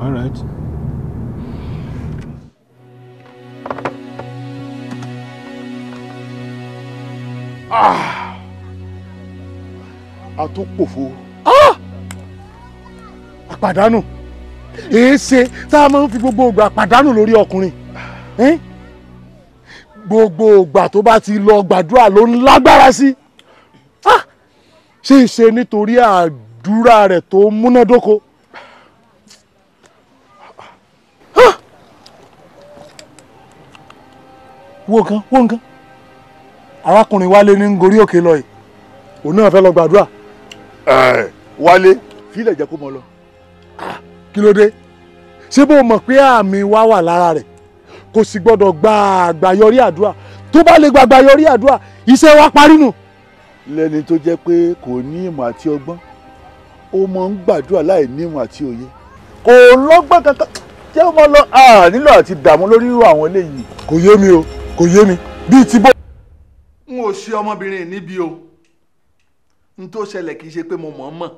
all right. Ah! a tún pòfo àpàdánù ah! èéṣe tá a máa ń fi gbogbo ògbà àpàdánù lórí ọkùnrin gbogbo ògbà tó bá ti lọ gbàdúrà ló ń lágbára sí ah! ṣe ìṣe nítorí àdúrà rẹ̀ tó múnádóko. wo gan wo gan arákùnrin wálé ní gorí òkè lọ yìí òun náà fẹ́ lọ gbàdúrà. wálé fílẹ̀ jẹ́ kó mọ lọ. kí ló dé ṣé bó mọ̀ pé àmì wa wà lára rẹ̀ kò sì gbọ́dọ̀ gba àgbàyọrí àdúrà tó bá lè gba àgbàyọrí àdúrà iṣẹ́ wa parí nù. lẹ́ni tó jẹ́ pé kò ní ìmọ̀ àti ọgbọ́n ó mọ̀ ń gbàdúrà láì ní ìmọ̀ àti òye kò lọ́gbọ́n kankan jẹ́ ọmọ lọ nílò àti dààmú lórí irú àwọn eléyìí. kò yé mi o kò yé mi bíi ti bó n ò ṣe ọmọbìnrin níbi o n tó ṣẹlẹ̀ kì í ṣe pé mo mọ̀ ọ́n mọ̀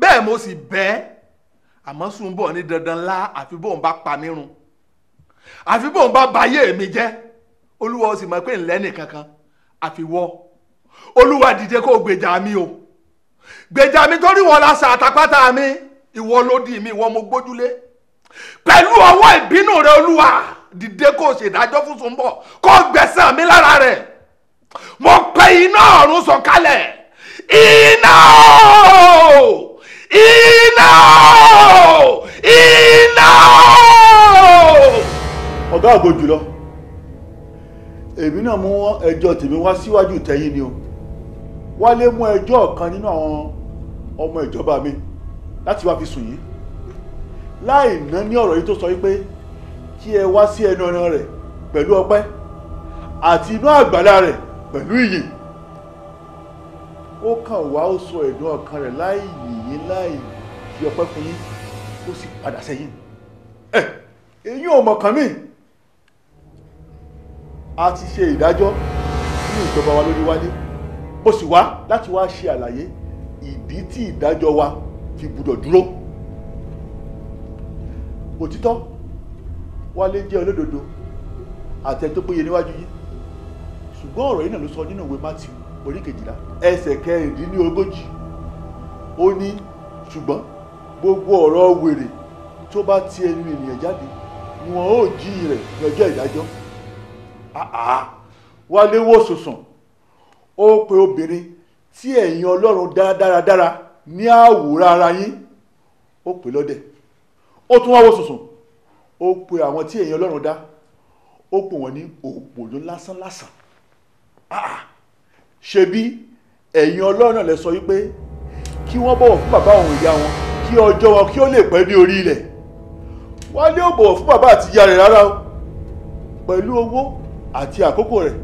bẹ́ẹ̀ mo sì bẹ́ẹ̀ àmọ́ sùn bọ̀ ní dandan ńlá àfi bóun bá pa mí run àfi bóun bá bayé mi jẹ́ olúwa ó sì mọ̀ pé ńlẹ́ nìkankan àfi wọ́ olúwa dìde kó gbèjà mi o gbèjà mi torí wọn la sàtàpátá mi ìwọ ló di mi ìwọ mo gbójúlé pẹ̀lú ọwọ́ ìbínú rẹ olúwa dìde kó ṣèdájọ́ fún Sùnbọ̀ kó gbẹ̀san mi lára rẹ̀ mo pè iná ọ̀run sọ̀kalẹ̀ iná iná iná. ọ̀gá àgbo jùlọ èmi náà mú ẹjọ́ tèmi wá síwájú tẹ̀yìn ni o wálé mú ẹjọ́ kan nínú àwọn ọmọ ìjọba mi láti wá fi sùn yìí láì ná ní ọ̀rọ̀ yìí tó sọ wípé kí ẹ wá sí ẹnu ọ̀nà rẹ̀ pẹ̀lú ọpẹ́ àti inú àgbàlá rẹ̀ pẹ̀lú iyì ó kàn wá ó sọ ẹ̀dùn ọkàn rẹ̀ láì yìnyín láì fi ọpẹ́ fún yín ó sì padà sẹ́yìn ẹ̀ èyí ò mọ̀ kàn mí a ti ṣe ìdájọ́ ní ìjọba wa lórí wálé mo sì wá láti wá ṣe àlàyé ìdí tí ìdájọ́ wa fi gbúdọ̀ dúró òtítọ́ wálé jẹ́ olódodo àti ẹni tó péye níwájú yìí ṣùgbọ́n ọ̀rọ̀ yìí náà ló sọ nínú ìwé Matthew orí kejìlá ẹsẹ̀ kẹrìndínlógójì ó ní ṣùgbọ́n gbogbo ọ̀rọ̀ wèrè tó bá ti ẹnu ènìyàn jáde ni wọn ó jí rẹ̀ ní ọjọ́ ìdájọ́ wálé wò sùsùn ó pe obìnrin tí ẹ̀yin ọlọ́run dá dáradára ní àwòrán ara yín ó pè lọ́dẹ̀ ó tún wá wò sùsùn ó pe àwọn tí ẹ̀yin ọlọ́run dá ó pè wọ́n ní òpòló lásánlásán Ah, ṣebí ẹ̀yin ọlọ́run lẹ sọ wípé kí wọ́n bọ̀wọ̀ fún bàbá òun ìyá wọn kí ọjọ́ wọn kí ó lè pẹ́ ní orí ilẹ̀ wálé ò bọ̀wọ̀ fún bàbá àti ìyá rẹ̀ rárá o pẹ̀lú owó àti àkókò rẹ̀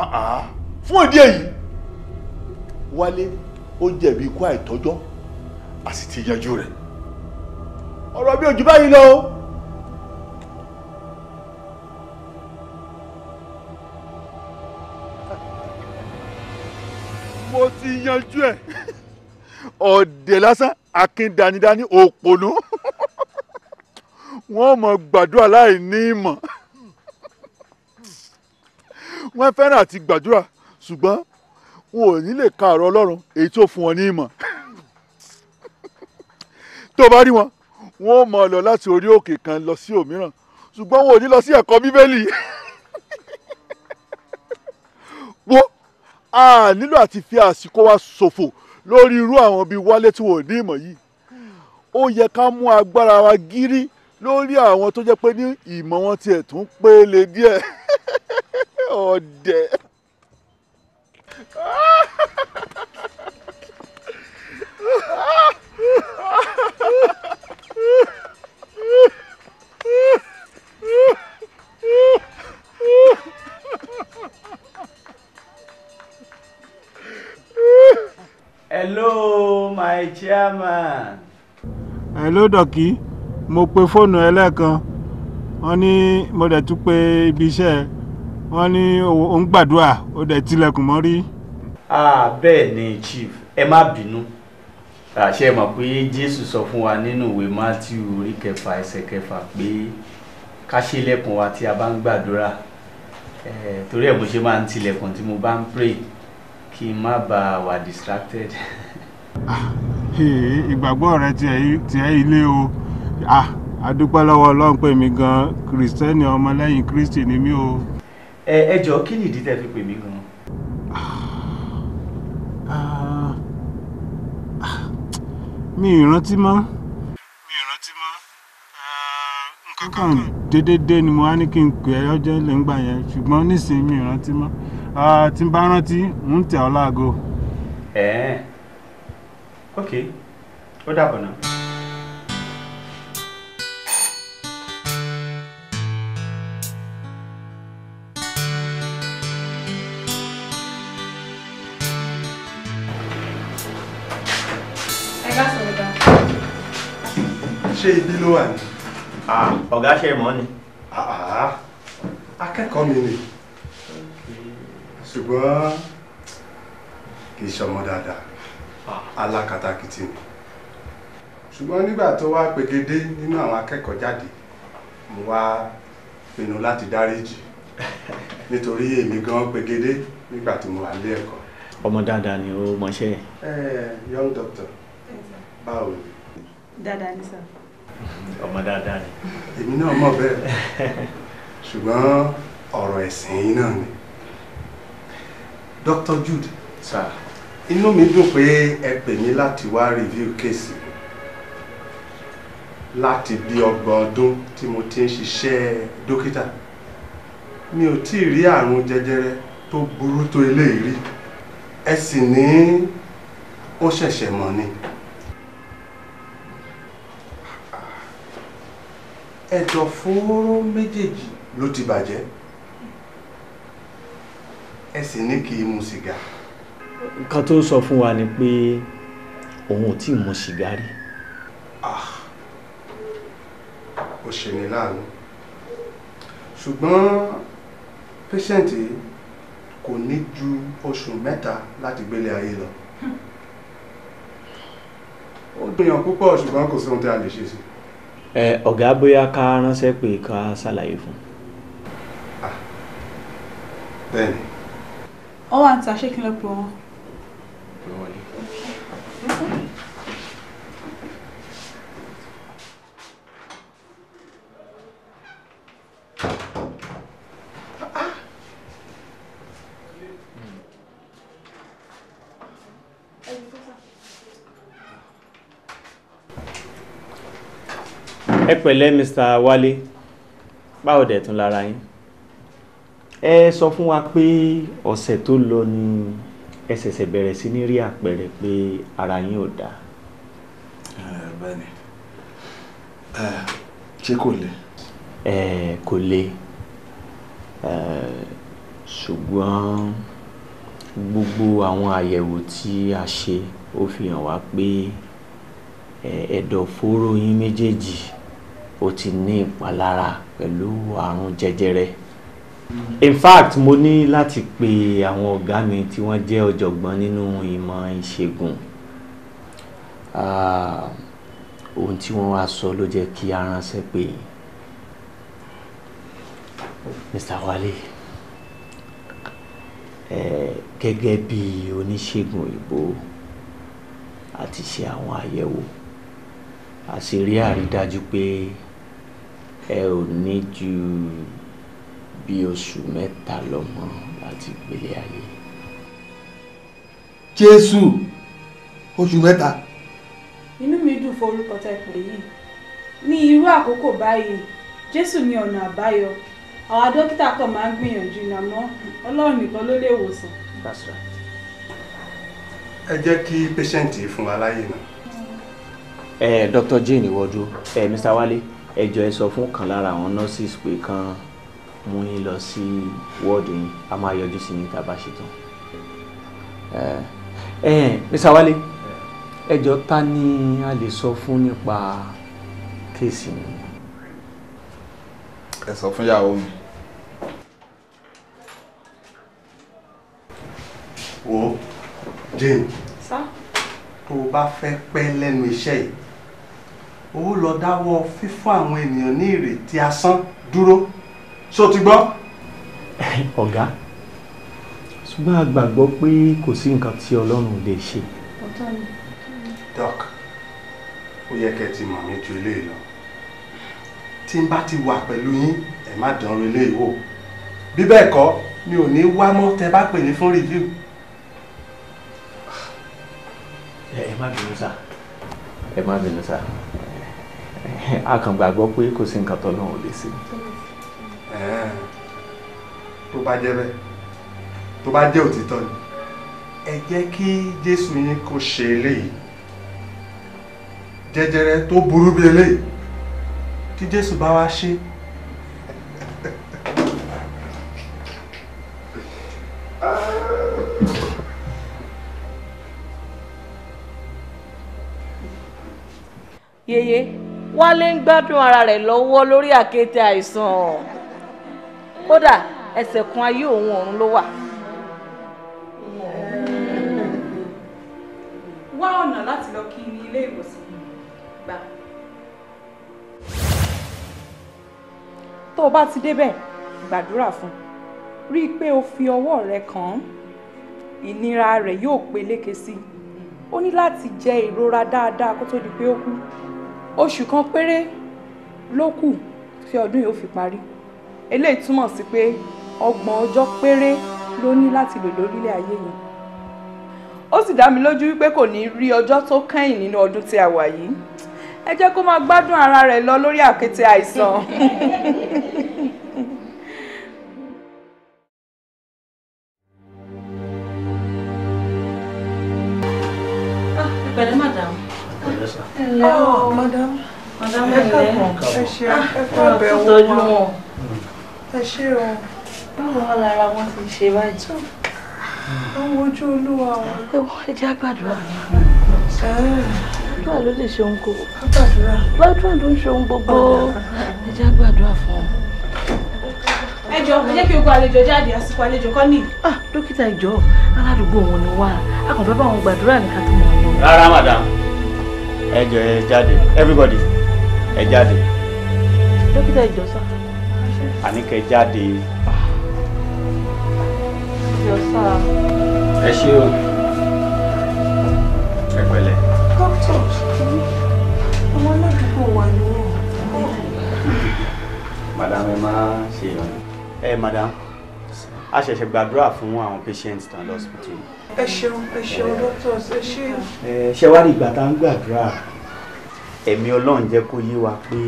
ah, ah. fún ìdí èyí wálé ó jẹ̀bi ikú àìtọ́jọ́ a ti yanjú rẹ̀ ọ̀rọ̀ bí ojú báyìí lọ mo ti yanjú ẹ̀ ọ̀dẹ̀ lásán akíndanidani òpònú wọ́n mọ̀ gbàdúrà láì ní ìmọ̀ wọ́n fẹ́ràn àti gbàdúrà ṣùgbọ́n wọn ò ní lè ka ọ̀rọ̀ ọlọ́run èyí tó fún wọn ní ìmọ̀ tó bá rí wọn wọn ò mọ̀ lọ láti orí òkè kan lọ sí òmíràn ṣùgbọ́n wọn ò ní lọ sí ẹ̀kọ́ bíbélì wọ́n a nílò àti fi àsìkò wa ṣòfò lórí irú àwọn bíi wálé tí wọn ò ní ìmọ̀ yìí ó yẹ ká mú agbára wa gírí lórí àwọn tó jẹ́ pé ní ìmọ̀ wọn tiẹ̀ tún péle díẹ̀ ọ̀dẹ̀. Ha ha ha! hello my chairman. hello dọ̀kí mo pe fóònù ẹlẹ́ẹ̀kan wọ́n ní mo dẹ̀ tún pe ibi iṣẹ́ wọ́n ní òun gbàdúrà ó dẹ̀ tilẹ̀kùn mọ́ rí. bẹ́ẹ̀ ni chief ẹ má bínú àṣẹ mọ̀ pé jésù sọ fún wa nínú ìwé matthew orí kẹfà ẹsẹ̀ kẹfà pé ká ṣílẹ̀kùn wa tí a bá ń gbàdúrà torí ẹ̀ mo ṣe máa ń tilẹ̀kùn tí mo bá ń pray kí n má bàa wà distracted. Ah, ìgbàgbọ́ rẹ tiẹ̀ ilé o adúpẹ́ ah, lọ́wọ́ ọlọ́run pé mi gan kìrìsìtẹ́nì ọmọlẹ́yìn kristi ni mí o. ẹ ẹ jọ̀ọ́ kí nìdí tẹ́ fi pè mí gan. Ah, mi ì mọ́ mi ì rántí mọ́ nǹkan kan dédé dé ni mo wá ní kí n pè ẹ́ ọjọ́ lè yẹn ṣùgbọ́n nísìnyí mi ì mọ́. Ah, tí n bá rántí ń tẹ̀ ọ́ láago. ẹ̀ẹ́n ok ó dàbọ̀ náà. ṣé ibi ló wà ní. Ah, ọ̀gá ṣe mọ́ ni. Ah, akẹ́kọ̀ọ́ mi ni ṣùgbọ́n kì í ṣọmọ dáadáa ah. alákatakítí ni ṣùgbọ́n nígbà tó wá pegedé nínú àwọn akẹ́kọ̀ọ́ jáde mo wá pinnu láti dáríjì nítorí èmi gan pegedé nígbà tí mo wà lé ẹ̀kọ́. ọmọ dáadáa ni ó mọṣẹ́. ẹ young doctor báwo ni. dáadáa ni sir. ọmọ dáadáa ni. èmi náà mọ̀ bẹ́ẹ̀ ṣùgbọ́n ọ̀rọ̀ ẹ̀sìn yìí náà ni. Dr. Jude. Sir. Inú mi dùn pé ẹ pè mí láti wá review case láti bí ọgbọ̀n ọdún tí mo ti ń ṣiṣẹ́ dókítà. Mi ò tí ì rí àrùn jẹjẹrẹ tó burú tó eléyìí rí. Ẹ sì ní ó ṣẹ̀ṣẹ̀ mọ̀ ni. Ẹ̀dọ̀fóró méjèèjì ló ti bàjẹ́. ẹ sì ní kí n mu sìgá. nǹkan tó sọ fún wa ni pé òun ò tí mú mu sìgá rí. Ah, ó ṣe ní láàánú ṣùgbọ́n pẹ́ṣẹ́ǹtì kò ní ju oṣù mẹ́ta láti gbélé ayé lọ ó dùnyàn púpọ̀ ṣùgbọ́n kò sí ohun tí a lè ṣe sí. ẹ ọ̀gá bóyá ká ránṣẹ́ pé ká ṣàlàyé fún. Ah, bẹ́ẹ̀ ni. Oh, wà ń ta ṣé kí n lọ pè wọn. ẹ pẹ̀lẹ́ Mr. Wálé báwo dẹ̀ tún lára yín ẹ sọ fún wa pé ọ̀sẹ̀ tó lọ ni ẹ ṣẹ̀ṣẹ̀ bẹ̀rẹ̀ sí ní rí àpẹẹrẹ pé ara yín ò dáa. bẹ́ẹ̀ni ṣé kò le. kò le ṣùgbọ́n gbogbo àwọn àyẹ̀wò tí a ṣe ó fi hàn wá pé ẹ̀dọ̀fóró yín méjèèjì ó ti ní ìpalára pẹ̀lú àrùn jẹjẹrẹ in fact mo ní láti pe àwọn ọ̀gá mi tí wọ́n jẹ́ ọ̀jọ̀gbọ́n nínú ìmọ̀ ìṣègùn ohun tí wọ́n wá sọ ló jẹ́ kí a ránṣẹ́ pé Mr. Wale gẹ́gẹ́ bí oníṣègùn òyìnbó àti ṣe àwọn àyẹ̀wò a sì rí àrídájú pé ẹ ò ní ju bí oṣù mẹ́ta lọ́mọ láti gbélé ayé. jésù oṣù mẹ́ta. inú mi dùn fún tẹ pé yìí ní irú àkókò báyìí jésù ní ọ̀nà àbáyọ àwa dókítà kan máa ń gbìyànjú ìnáwó ọlọ́run nìkan ló lè wòsàn. that's right. ẹ jẹ́ kí pẹ́ṣẹ́ǹtì fún wa láyè náà. Eh, eh, ẹ dr jane ìwọ́dún ẹ mr wálé ẹ jọ ẹ sọ fún kan lára àwọn nurses pé kan mú yín lọ sí wọ́ọ̀dù yín a máa yọjú sí yín tá a bá ṣe tán. Mr. Wálé ẹ jọ ta ni a lè sọ fún nípa kéèsì mi. ẹ sọ fún ìyàwó mi. wo Jane tó o bá fẹ́ pẹ́ lẹ́nu iṣẹ́ yìí ó lọ dáwọ́ fífún àwọn ènìyàn ní ìrètí asán dúró ṣó ti gbọ́. ọ̀gá ṣùgbọ́n a gbàgbọ́ pé kò sí nǹkan tí ọlọ́run lè ṣe. doc ó yẹ kẹ́ ti mọ̀ mí ju eléyìí lọ tí n bá ti wà pẹ̀lú yín ẹ̀ má dánrọ eléyìí wò bí bẹ́ẹ̀ kọ́ mi ò ní wá mọ́ tẹ bá pè ní fún review. ẹ má bínú sá ẹ má bínú sá a kàn gbàgbọ́ pé kò sí nǹkan tọ́lọ́run lè ṣe ni tó bá jẹ́ bẹ́ẹ̀ tó bá jẹ́ òtítọ́ ni ẹ jẹ́ kí Jésù yín kó ṣe eléyìí jẹjẹrẹ tó burú bí eléyìí tí Jésù bá wá ṣe yeye wálé ń gbádùn ara rẹ̀ lọ́wọ́ lórí àkéte àìsàn kódà ẹsẹ̀ kan ayé òun ọ̀run ló wà. wá ọ̀nà láti lọ kí ilé ìwòsàn gbà. tó o bá ti débẹ̀ gbàdúrà fún un rí i pé o fi ọwọ́ rẹ kàn án ìnira rẹ̀ yóò peléke sí i ó ní láti jẹ ìrora dáadáa kó tó di pé ó kú oṣù kan péré ló kù tí ọdún yìí ó fi parí eléyìí túmọ̀ sí pé ọgbọ̀n ọjọ́ péré ló ní láti lò lórílẹ̀ ayé yìí ó sì dá mi lójú wípé kò ní rí ọjọ́ tó kẹ́yìn nínú ọdún tí a wà yìí ẹ jẹ́ kó máa gbádùn ara rẹ̀ lọ lórí àkéte àìsàn. Ah, pẹ̀lẹ́ madam. ẹ lẹ́ o madam. madam ẹ lẹ́. ẹ ṣe ah, ẹ fọ́ bẹ̀ wọ́n ẹ ṣe o báwo wá lára wọn ti ṣe báyìí. ó ń wojú olúwa o. ẹ wọ́n ẹ jẹ́ àgbàdua. àdúrà ló lè ṣe ohun kò. àgbàdua. lọ́dún ló ń ṣe ohun gbogbo ẹ jẹ́ àgbàdua fún un ẹjọ ẹ jẹ́ kí ogun àlejò jáde àsìkò àlejò kọ́ nìyí. ah dókítà ìjọ aládùúgbò wọn ni wá a kàn fẹ́ bá wọn gbàdúrà nìkan tó máa lọ. rárá madam ẹjọ ẹ jáde everybody ẹ jáde. dókítà ìjọ sọ àníkẹ́ jáde. ẹ ṣé o ẹ pẹ̀lẹ́. dókítà ọmọ aládùúgbò wa ni wọn. madam ẹ máa ṣe ìrànlọ́. ẹ madam a ṣẹ̀ṣẹ̀ gbàdúrà fún àwọn patients tán lọ́sibítù. ẹ ṣeun ẹ ṣeun doctors ẹ ṣe. ẹ ṣe wá ní ìgbà tá à ń gbàdúrà ẹ̀mí ọlọ́run jẹ́ kó yé wa pé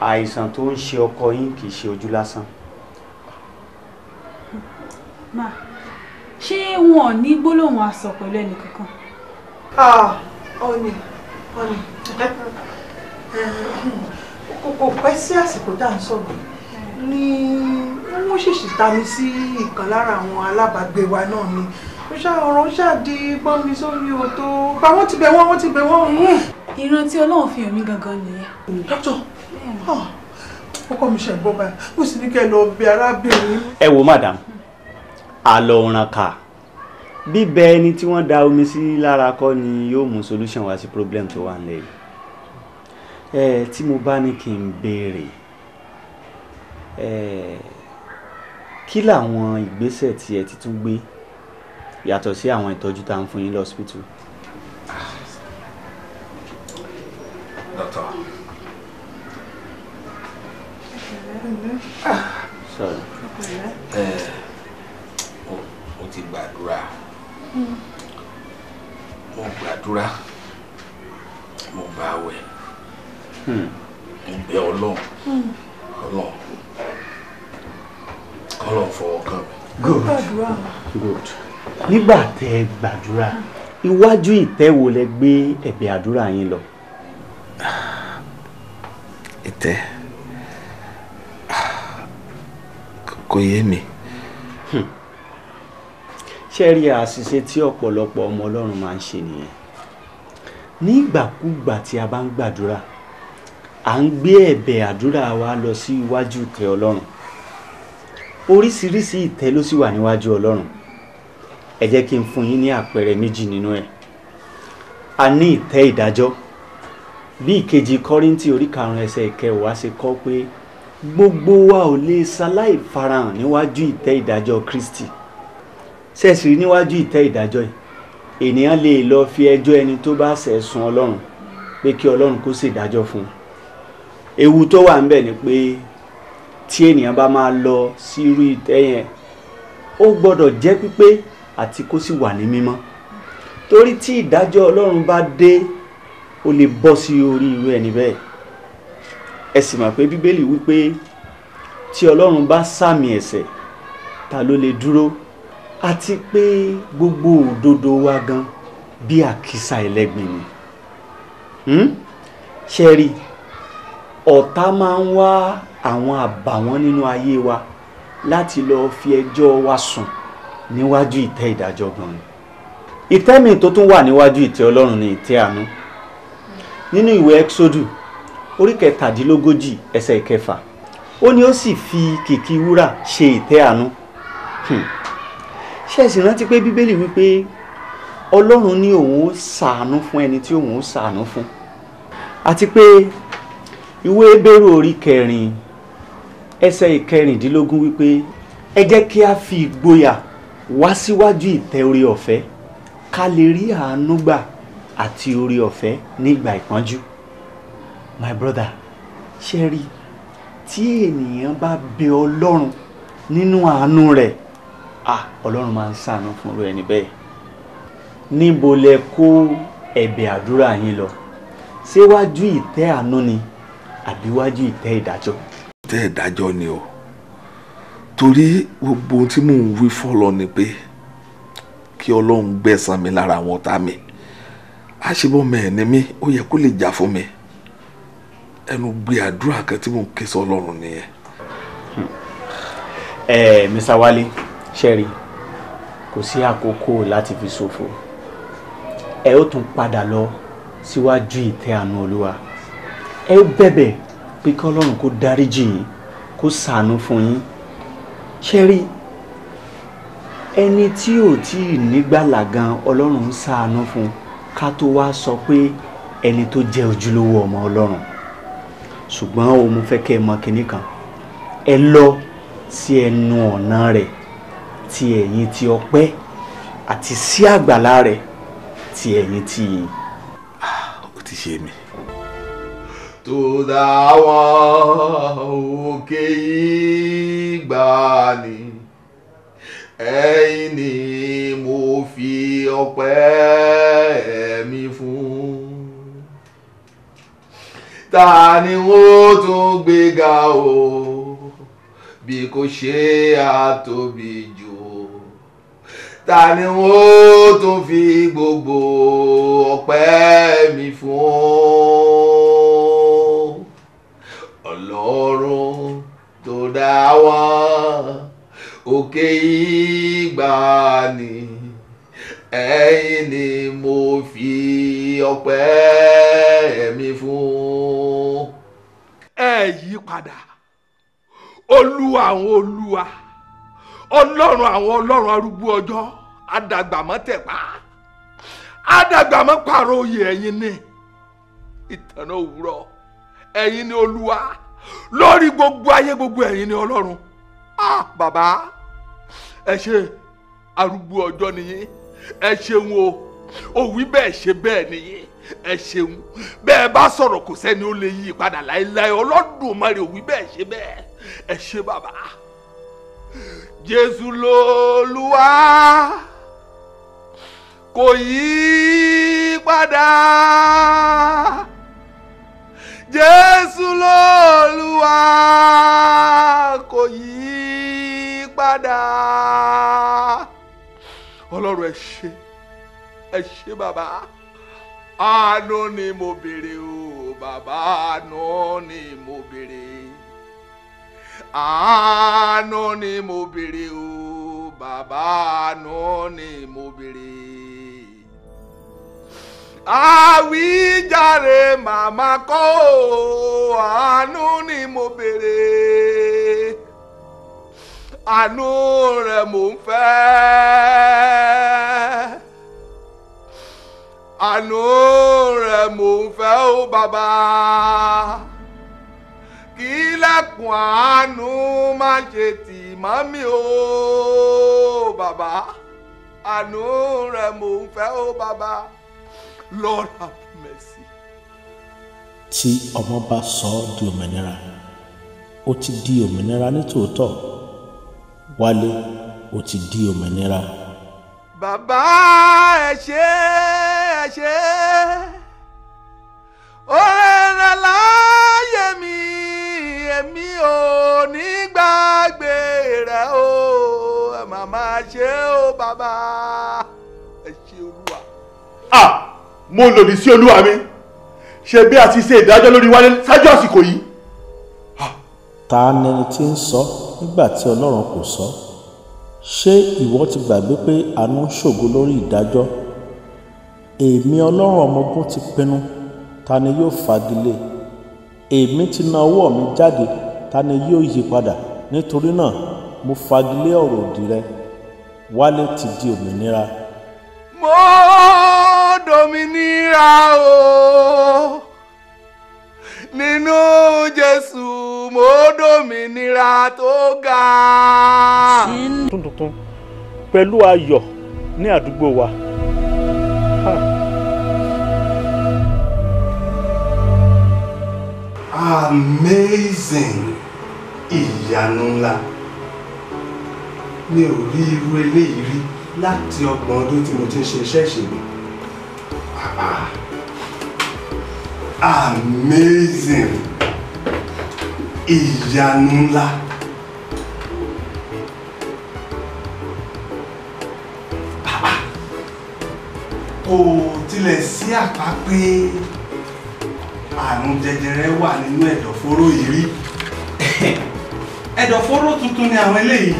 àìsàn tó ń ṣe ọkọ yín kì í ṣe ojú lásán. má ṣé wọn ò ní gbólóhùn asọ̀ pẹ̀lú ẹnì kankan. ọ̀nì ah, ọ̀nì eh, kò pẹ́ sí àsìkò tá à ń sọ̀rọ̀ ni wọ́n ṣèṣì ta mi sí ìkan lára àwọn alábàágbé wa náà ni ọ̀rọ̀ ṣáàdì gbọ́n mi sórí o tó bá wọ́n ti bẹ̀ wọ́n wọ́n ti bẹ̀ wọ́n. ìrántí ọlọ́run fi hàn mí gangan nìyẹn. dókítà Ah, ọkọ mi ṣe ń bọ́ báyìí ó sì ní kẹ́ lọ bí arábìnrin. ẹ wo madam àlọ́ọ̀rànkà bíbẹ ẹni tí wọ́n da omi sí lára kọ́ ni yóò mú solution wá sí problem tó wà nílẹ̀ yìí ẹ tí mo bá ní kí n béèrè ẹ kí làwọn ìgbésẹ̀ tí ẹ ti tún gbé yàtọ̀ sí àwọn ìtọ́jú tá à ń fún yín lọ́sibítù. Ah, dọ́tà sorry mo ti gbàdúrà hmm. mo gbàdúrà mo bá wẹ̀ hmm. mo bẹ̀ ọlọ́run hmm. ọlọ́run ọlọ́run fọwọ́ kàn mí. good good nígbà tẹ ẹ gbàdúrà iwájú ìtẹ́ wo lẹ gbé ẹ̀bẹ̀ àdúrà yín lọ. kò yé mi. Hmm. ṣé rí àṣìṣe tí ọ̀pọ̀lọpọ̀ ọmọ ọlọ́run máa ń ṣe nìyẹn nígbàkúgbà tí a bá ń gbàdúrà à ń gbé ẹ̀bẹ̀ àdúrà wa lọ sí iwájú ìtẹ́ ọlọ́run oríṣiríṣi ìtẹ́ ló sì wà níwájú ọlọ́run ẹ jẹ́ kí n fún yín ní àpẹẹrẹ méjì nínú ẹ̀ a ní ìtẹ́ ìdájọ́ bí ìkejì kọ́ríntì orí karùn-ún ẹsẹ̀ ìkẹwàá ṣe kọ́ pé gbogbo wa ò lè ṣaláì farahàn níwájú ìtẹ́ ìdájọ́ Kristi ṣẹ̀sì níwájú ìtẹ́ ìdájọ́ yìí ènìyàn lè lọ fi ẹjọ́ ẹni tó bá ṣẹ̀sùn Ọlọ́run pé kí Ọlọ́run kó ṣèdájọ́ fún un ewu tó wà ńbẹ̀ ni pé tí ènìyàn bá máa lọ sírú ìtẹ́ yẹn ó gbọ́dọ̀ jẹ́ pípé àti kó sì wà ní mímọ́ torí tí ìdájọ́ Ọlọ́run bá dé ó lè bọ́ sí orí irú ẹni bẹ́ẹ̀ ẹ sì mọ̀ pé bíbélì wípé tí ọlọ́run bá sàmì ẹ̀ṣẹ̀ ta ló lè dúró àti pé gbogbo òdodo wa gan bí àkísà ẹlẹ́gbin ni hmm? ṣe rí ọ̀tá máa ń wá àwọn àbàwọ́n nínú ayé wa láti lọ́ọ́ fi ẹjọ́ wa sùn níwájú ìtẹ́ ìdájọ́ gan ni ìtẹ́ mi tó tún wà níwájú ìtẹ́ ọlọ́run ni ìtẹ́ àánú nínú ìwé exodus orí kẹtàdínlógójì ẹsẹ̀ ìkẹfà ó ní ó sì fi kìkì wúrà ṣe ìtẹ́ àánú hmm. ṣe sì rántí pé bíbélì wípé ọlọ́run ní òun ó ṣàánú fún ẹni tí òun ó ṣàánú fún àti pé ìwé Hébérù orí kẹrin ẹsẹ̀ ìkẹrìndínlógún wípé ẹ jẹ́ kí a fi ìgboyà wá síwájú ìtẹ́ orí ọ̀fẹ́ ká lè rí àánú gbà àti orí ọ̀fẹ́ nígbà ìpọ́njú my brother ṣe rí tí ènìyàn bá bẹ ọlọ́run nínú àánú rẹ̀ ah ọlọ́run máa ń ṣàánú fún irú ẹni bẹ́ẹ̀ níbo lẹ kó ẹ̀bẹ̀ àdúrà yín lọ síwájú ìtẹ́ àánú ni àbíwájú ìtẹ́ ìdájọ́. ìtẹ́ ìdájọ́ ni o torí gbogbo ohun tí mò ń wí fọlọ ni pé kí ọlọ́run gbẹ̀san mi lára àwọn ọ̀tá mi àṣebọ́mọ ẹ̀ ni mí ó yẹ kó lè jà fún mi ẹnu gbé àdúrà kan tí mò ń ké sọ ọlọ́run nìyẹn. ẹ ẹ Mr. Wale Sherry kò sí àkókò láti fi ṣòfò ẹ ó tún padà lọ síwájú ìtẹ́ àánú olúwa ẹ ó bẹ̀bẹ̀ pé kí ọlọ́run kó dáríjì yín kó ṣàánú fún yín ṣẹ́rí ẹni tí ò tí ì nígbàlà gan ọlọ́run ń ṣàánú fún ká tó wá sọ pé ẹni tó jẹ́ ojúlówó ọmọ ọlọ́run ṣùgbọ́n o mo fẹ́ kẹ́ ẹ mọ kinní kan ẹ lọ sí ẹnu ọ̀nà rẹ̀ ti ẹ̀yìn ti ọpẹ́ àti sí àgbàlá rẹ̀ ti ẹ̀yìn ti yìí. Ah, ó ti ṣe mí. tó dáwọn òkè yìí gbà ní ni mo fi ọpẹ́ mi fún ta ni wọ́n tún gbéga o bí kò ṣe àtòbí jù ta ni wọ́n tún fi gbogbo ọpẹ́ mi fún ọlọ́run tó dá wa òkè ìgbàanì. Okay, ẹ̀yin ni mo fi ọpẹ́ mi fún. ẹ yí padà olúwa àwọn olúwa ọlọ́run àwọn ọlọ́run arúgbó ọjọ́ adàgbàmọ́ tẹ̀pá adàgbàmọ́ pààrọ̀ oyè ẹ̀yin ni ìtànà òwúrọ̀ ẹ̀yin ni olúwa lórí gbogbo ayé gbogbo ẹ̀yin ni ọlọ́run ah bàbá ẹ ṣe arúgbó ọjọ́ nìyí ẹ ṣeun o òwí bẹ́ẹ̀ ṣe bẹ́ẹ̀ nìyí ẹ ṣeun bẹ́ẹ̀ bá sọ̀rọ̀ kò sẹ́ni ó lè yí padà láéláé Olódùmarè òwí bẹ́ẹ̀ ṣe bẹ́ẹ̀ ẹ ṣe bàbá Jésù lolúwa kò yí padà Jésù lolúwa kò yí padà ọlọ́run ẹ ṣé ẹ ṣé bàbá àánú ni mo béèrè o bàbá àánú ni mo béèrè àánú ni mo béèrè o bàbá àánú ni mo béèrè. àwíjàre màmá kọ́ àánú ni mo béèrè àánú rẹ̀ mò ń fẹ́ àánú rẹ̀ mò ń fẹ́ ó bàbá kí lẹ́kùn àánú má ṣe tì mọ́ mi ó bàbá àánú rẹ̀ mò ń fẹ́ ó bàbá Lord have mercy. tí ọmọ bá sọ ọ́ di òmìnira ó ti di òmìnira nítòótọ́ wálé o ti di òmìnira. bàbá ẹ ṣé ẹ ṣé ó rẹ̀ láàyè mi èmi ò ní gbàgbé rẹ̀ o màmá ṣé o bàbá ẹ ṣé olúwa. a ah, mo lòdì sí olúwa mi ṣe bí a ti ṣe ìdájọ́ lórí wálé ṣáájú àsìkò yìí ta ni ẹni tí ń sọ nígbà tí ọlọ́run kò sọ ṣé ìwọ ti gbàgbé pé àánú ṣògo lórí ìdájọ́ èmi ọlọ́run ọmọ ti pinnu ta ni yóò fagilé èmi ti na ọwọ́ mi jáde ta ni yóò yí padà nítorí náà mo fagilé ọ̀rọ̀ òdì rẹ wálé ti di òmìnira. mo dòmìnira o nínú Jésù mo dòmìnira tó ga. tuntun pẹ̀lú ayọ̀ ní àdúgbò wa. amazing ìyanu ńlá mi ò rí irú eléyìí rí láti ọgbọ̀n ọdún tí mo ti ń ṣe iṣẹ́ ìṣègùn. Ah, ah amazing ìyanu ńlá. kò tilẹ̀ sí àpá pé àrùn jẹjẹrẹ wà nínú ẹ̀dọ̀fóró yìí rí ẹ̀dọ̀fóró tuntun ni àwọn eléyìí.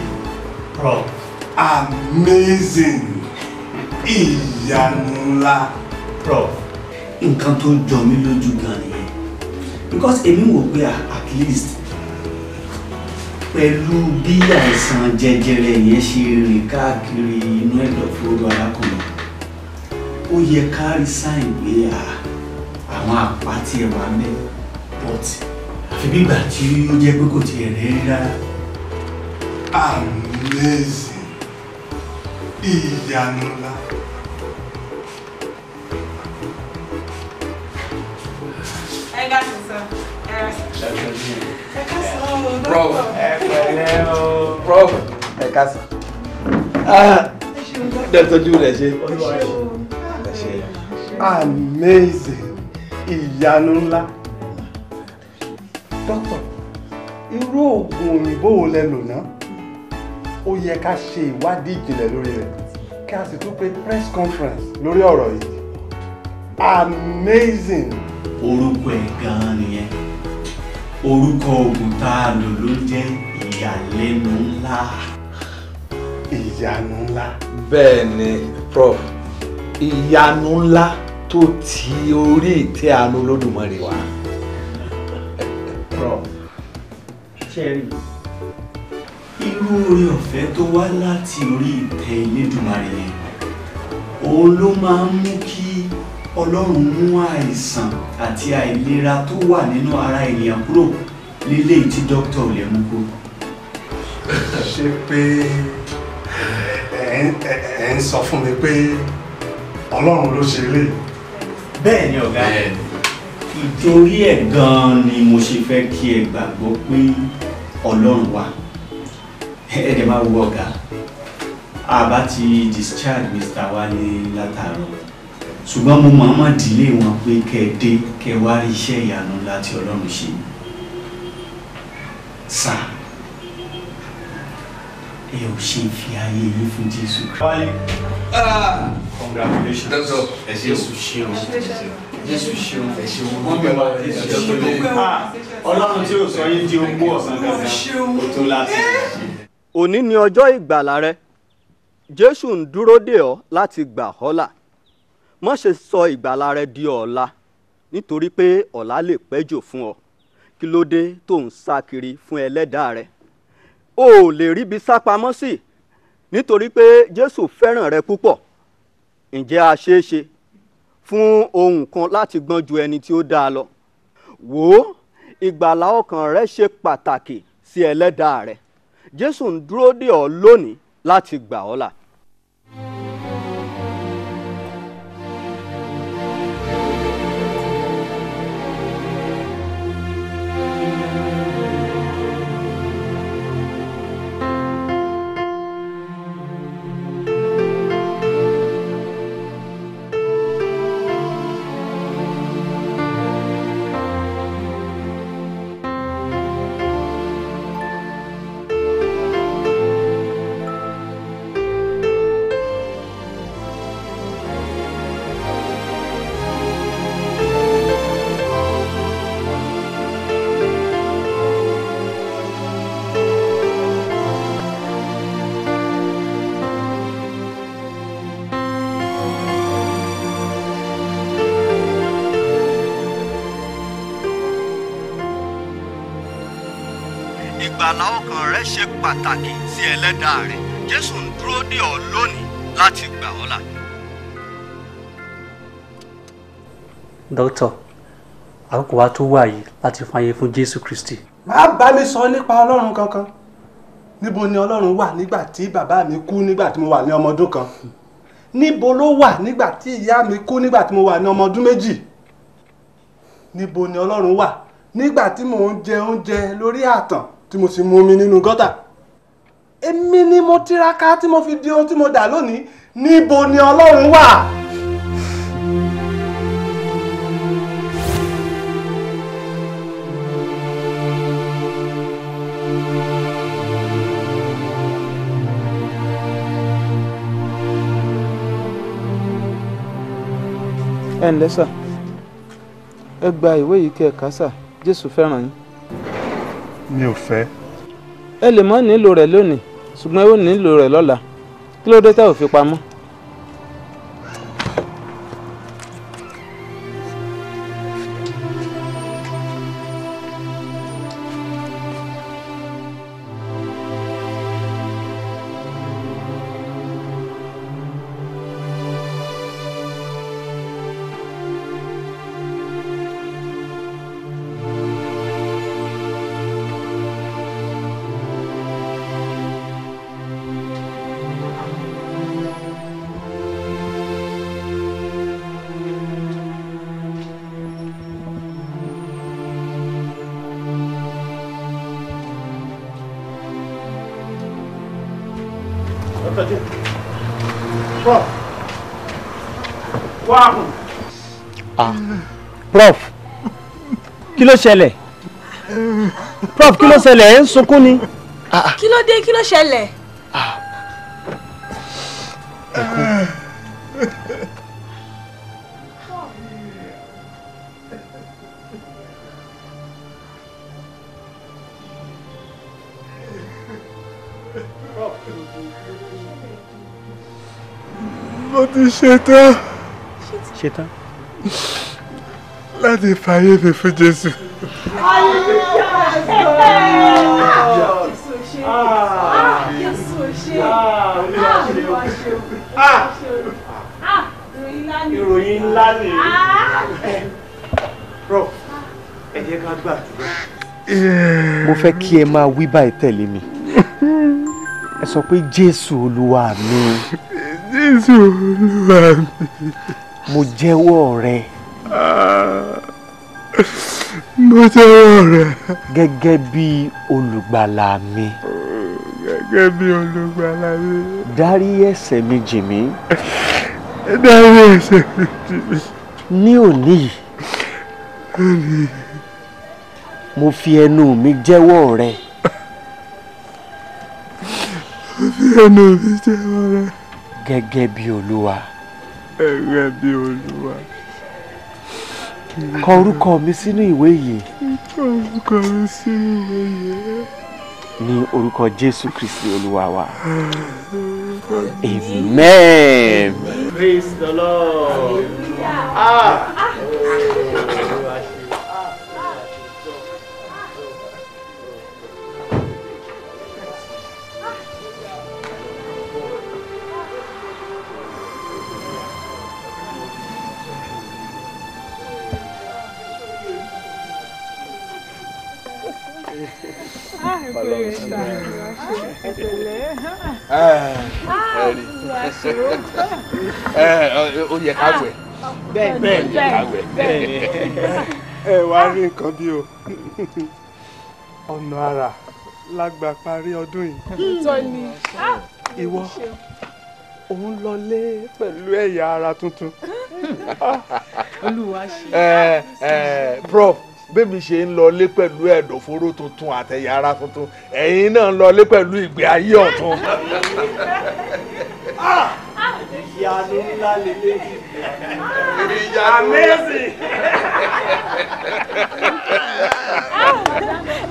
amazing ìyanu ńlá. Prof nǹkan tó jọ mí lójú gan nìyẹn because èmi wò pé at least pẹ̀lú bí àìsàn jẹjẹrẹ yẹn ṣe rìn káàkiri inú ẹ̀dọ̀fóró arákùnrin ó yẹ ká rí sáìn pé àwọn àpá tí ẹ wà mẹ́ but àfi bígbà tí ó jẹ́ pé kò tiẹ̀ rẹ́ rárá. amazing ìyanu ńlá. Bro. Bro. Ẹ káàsán. Dẹ́tọ̀ ah. ojú that's it. Amazing. Ìyanu ńlá. Dọ́kítọ̀, irú oògùn òyìnbó wo lẹ lò ná? Ó yẹ ká ṣe ìwádìí ìjìnlẹ̀ lórí rẹ̀. Kí a sì tún pe press conference lórí ọ̀rọ̀ yìí. Amazing. Orúkọ ẹ̀ gan-an nìyẹn orúkọ oògùn tá a lò ló jẹ́ ìyàlẹ́nu ńlá. ìyanu ńlá. bẹ́ẹ̀ ni prof ìyanu ńlá tó ti orí ìtẹ́ àánú lódùmarè wá. prof ṣe rí irú oore ọ̀fẹ́ tó wá láti orí ìtẹ́ Elédùmarè yẹn òun ló máa ń mú kí ọlọ́run mú àìsàn àti àìlera tó wà nínú ara ènìyàn kúrò nílé tí dókítà ò lè mú kó. ṣé pé ẹ ń sọ fún mi pé ọlọ́run ló ṣe lè. bẹ́ẹ̀ ni ọ̀gá ìtorí ẹ̀ gan-an ni mo ṣe fẹ́ kí ẹ gbàgbọ́ pé ọlọ́run wà ẹ̀ẹ́dẹ̀ máa wọ ọ̀gá àbá ti discharge Mr. Wálé látàárọ̀ ṣùgbọ́n mo máa má dílé wọn pé kẹ́ ẹ dé kẹ́ ẹ wá rí iṣẹ́ ìyanu láti ọlọ́run ṣe sá ẹ ò ṣe fi ayé yín fún jésù. Ah! congratulations jésù ṣeun jésù ṣeun wọn bẹ wá jésù ṣeun ah! ọlọ́run tí ò sọ yín di ogún ọ̀sán kankan ó tó láti. Eh? òní ni ọjọ́ ìgbàlà rẹ jésù ń dúró dè ọ́ láti gbà ọ́ là má ṣe sọ ìgbàlà rẹ di ọ̀la nítorí pé ọ̀la lè pẹ́jọ fún ọ kí ló dé tó ń sá kiri fún ẹlẹ́dàá rẹ o ò lè ríbi sá pamọ́ sí nítorí pé Jésù fẹ́ràn rẹ púpọ̀ ǹjẹ́ a ṣeé ṣe fún ohun kan láti gbọ́n ju ẹni tí ó dáa lọ wò ó ìgbàlà ọkàn rẹ ṣe pàtàkì sí ẹlẹ́dàá rẹ Jésù ń dúró dè ọ́ lónìí láti gbà ọ́ là. pàtàkì sí ẹlẹ́dàá rẹ̀ jésù ń dúró dè ọ́ lónìí láti gbà ọ́ là. dókítà àkókò wa tó wà yìí láti fààyè fún jésù kristi. má bá mi sọ nípa ọlọ́run kankan níbo ni ọlọ́run wà nígbà tí bàbá mi kú nígbà tí mo wà ní ọmọ kan níbo ló wà nígbà tí ìyá mi kú nígbà tí mo wà ní ọmọ méjì níbo ni ọlọ́run wà nígbà tí mò ń jẹ oúnjẹ lórí ààtàn tí mo sì mu omi nínú gọ́tà èmi ni mo tiraka tí mo fi di ohun tí mo dà lónìí níbo ni ọlọ́run wà. ẹ ǹlẹ́ sà ẹ gba ìwé yìí kí ẹ kà sà jésù fẹ́ràn yín. mi ò fẹ́. ẹ lè má nílò rẹ̀ lónìí ṣùgbọ́n ó nílò rẹ̀ lọ́la kí ló dé tẹ́ ò fi pamọ́. ah prof kí ló ṣẹlẹ̀ prof kí ló ṣẹlẹ̀ ẹ̀ ń sunkún ni. kí ló dé kí ló ṣẹlẹ̀. ṣetán. ṣetán. láti fààyè mi fún Jésù. ìròyìn ńlá ni prof ẹ jẹ́ ká gbàdúrà. mo fẹ́ kí ẹ máa wí báyìí tẹ̀lé mi ẹ sọ pé Jésù Olúwa mi jésù olúwa mi. mo jẹ́wọ́ rẹ. Ah, mo jẹ́wọ́ rẹ. gẹ́gẹ́ bí olùgbàlà mi. gẹ́gẹ́ bí olùgbàlà mi. dárí ẹ̀ṣẹ̀ mi jì mí. dárí ẹ̀ṣẹ̀ mi jì mí. ní òní yìí mo fi ẹnu mi jẹ́wọ́ rẹ. mo fi ẹnu mi jẹ́wọ́ rẹ gẹ́gẹ́ bí olúwa. gẹ́gẹ́ bí olúwa. kọ orúkọ mi sínú ìwé yìí. kọ orúkọ mi sínú ìwé yìí. ní orúkọ jésù kristi olúwa wa. amen. praise the lord. Ah. Ah. ó yẹ ká wẹ̀ bẹ́ẹ̀ yẹ ká wẹ̀ ẹ wá rí nǹkan bí o ọ̀nà àrà la gbà parí ọdún yìí ìwọ òun lọlé pẹ̀lú ẹ̀yà ara tuntun olúwa ṣe. prof bẹ́mi ṣe ń lọlé pẹ̀lú ẹ̀dọ̀fóró tuntun àtẹ̀yà tuntun ẹ̀yin náà ń lọlé pẹ̀lú ìgbé ayé ọ̀tun. ìyanu ńlá lélẹ̀ amẹ́sì.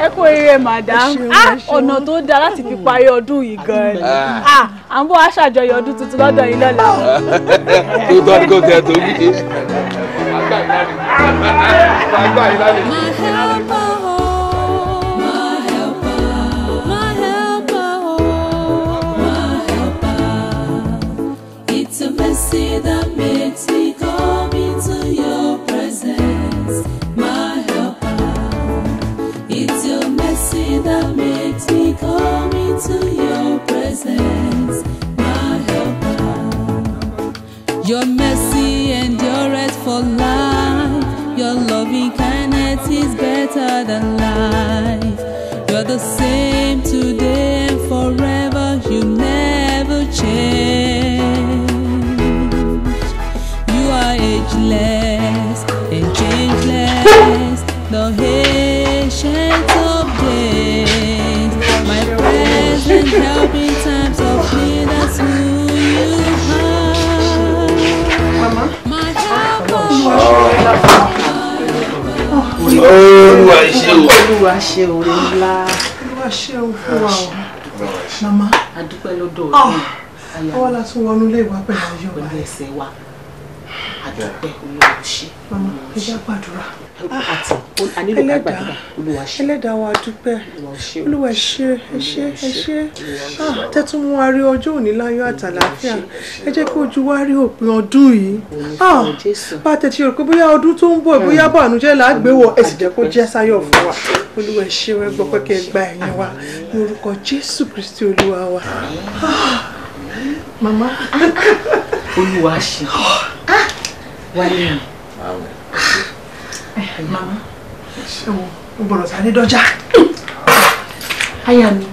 ẹ kú eré madam ah, ọ̀nà tó dáa láti fi parí ọdún yìí gan-an ni ah. Ah, à ń bọ̀ aṣàjọyọ̀ ọdún tuntun lọ́dọ̀ yìí lọ́la. tó tọ́ ni kò tẹ̀ tó wí gbà yín lálejò. than life. You're the same today and forever, you never change. You are ageless and changeless. olúwa ṣe oore ńlá olúwa ṣe oore o màmá adúpẹ́ lọ́dọ̀ ọ̀hún àwọn la tún wọnú ilé ìwà pẹ̀lú ayọ̀ wa pẹ̀lú ẹsẹ̀ wa àdúpẹ́ eh, olúwa ṣe. ẹ jẹ́ ah, mú wa rí ọjọ́ òní láyọ̀ àtàlàáfíà ẹ jẹ́ kí ojú wa rí òpin ọdún yìí ah, bá tẹ̀sí rò pé bóyá ọdún tó ń bọ̀ bóyá bànújẹ́ là ẹ sì jẹ́ kó jẹ́ sáyọ̀ fún wa olúwa wẹ́ gbọ́ pé kẹ́ ẹ gba ẹ̀yìn wa ní orúkọ jésù kristi olúwa wa. Ah, mama olúwa ṣe wáyé mi. màmá o gbọ́dọ̀ sáré dọ́jà. aya mi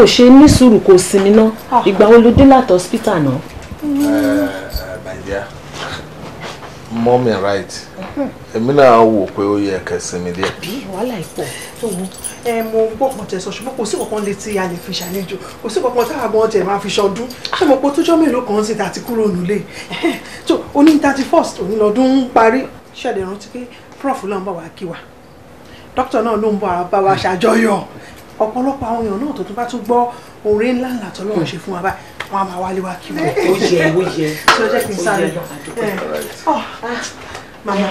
o ṣe ní sùúrù kò sinmi ná ah. ìgbà wo ló dé láti hospital náà. my dear mom right èmi náà wò pé ó yẹ kẹsìmí díẹ̀. bí wàhálà ìpọ̀ tó wù ẹ mo gbọ́ ọ̀pọ̀ tẹ̀sán ṣùgbọ́n kò sí kankan létí a lè fi ṣàlejò kò sí kankan táwọn àgbọn tẹ̀ máa fi ṣọdún ṣé mo pọ̀ tójọ́ mélòó kan sí ta ti kúrò nílé tó oní thirty first òní lọ́dún ń parí ṣẹ̀dẹ̀ rántí pé prof náà ń bọ̀ wá kí wa dókítà náà ló ń bọ̀ bá wa ṣàjọyọ̀ ọ̀pọ̀lọpọ̀ àwọn èèyàn náà tó tún bá tún gbọ́ oore ńlá ńlá tó lọ́run ṣe fún wa báyìí wọn a máa wálé wá kí wọn. ó yẹ ó yẹ ó yẹ ó yẹ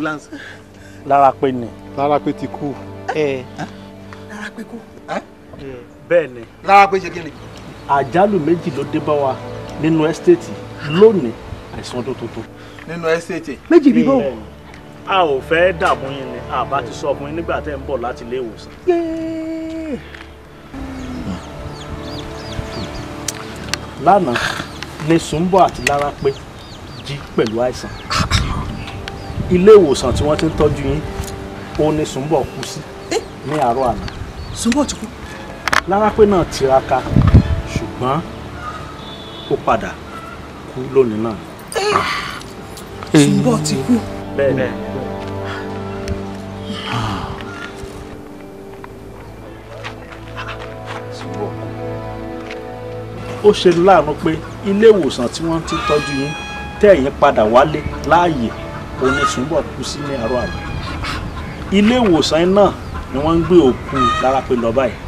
ambulance. Lárápé ni. Lárápé ti kú. Lárápé kú. Bẹ́ẹ̀ ni. Lárápé ṣe kí ni? Àjálù méjì ló dé bá wa nínú ẹ́stéètì lónìí àìsàn tó tuntun. Nínú ẹ́stéètì. Méjì bíbó. A ò fẹ́ dààmú yín ni, àbá ti sọ fún yín nígbà tẹ́ ń bọ̀ láti ilé ìwòsàn. Lánàá ni Sùnbọ̀ àti Lárápé jí pẹ̀lú àìsàn ilé ìwòsàn tí wọ́n ti ń tọ́jú yín ó ní Sùnbọ̀ kú sí eh? ní àárọ̀ àná. Sùnbọ̀ ti kú. Lárápé náà tiraka ṣùgbọ́n ó padà kú lónìí náà. Eh? Sùnbọ̀ ti kú. Bẹ́ẹ̀ni. Ó ṣe láàánú pé ilé ìwòsàn tí wọ́n ti tọ́jú yín tẹ̀yìn padà wálé láàyè òní Sùnbọ̀ kú sí ní àárọ̀ àná ilé ìwòsàn náà ni wọ́n ń gbé òkú Lárápé lọ báyìí.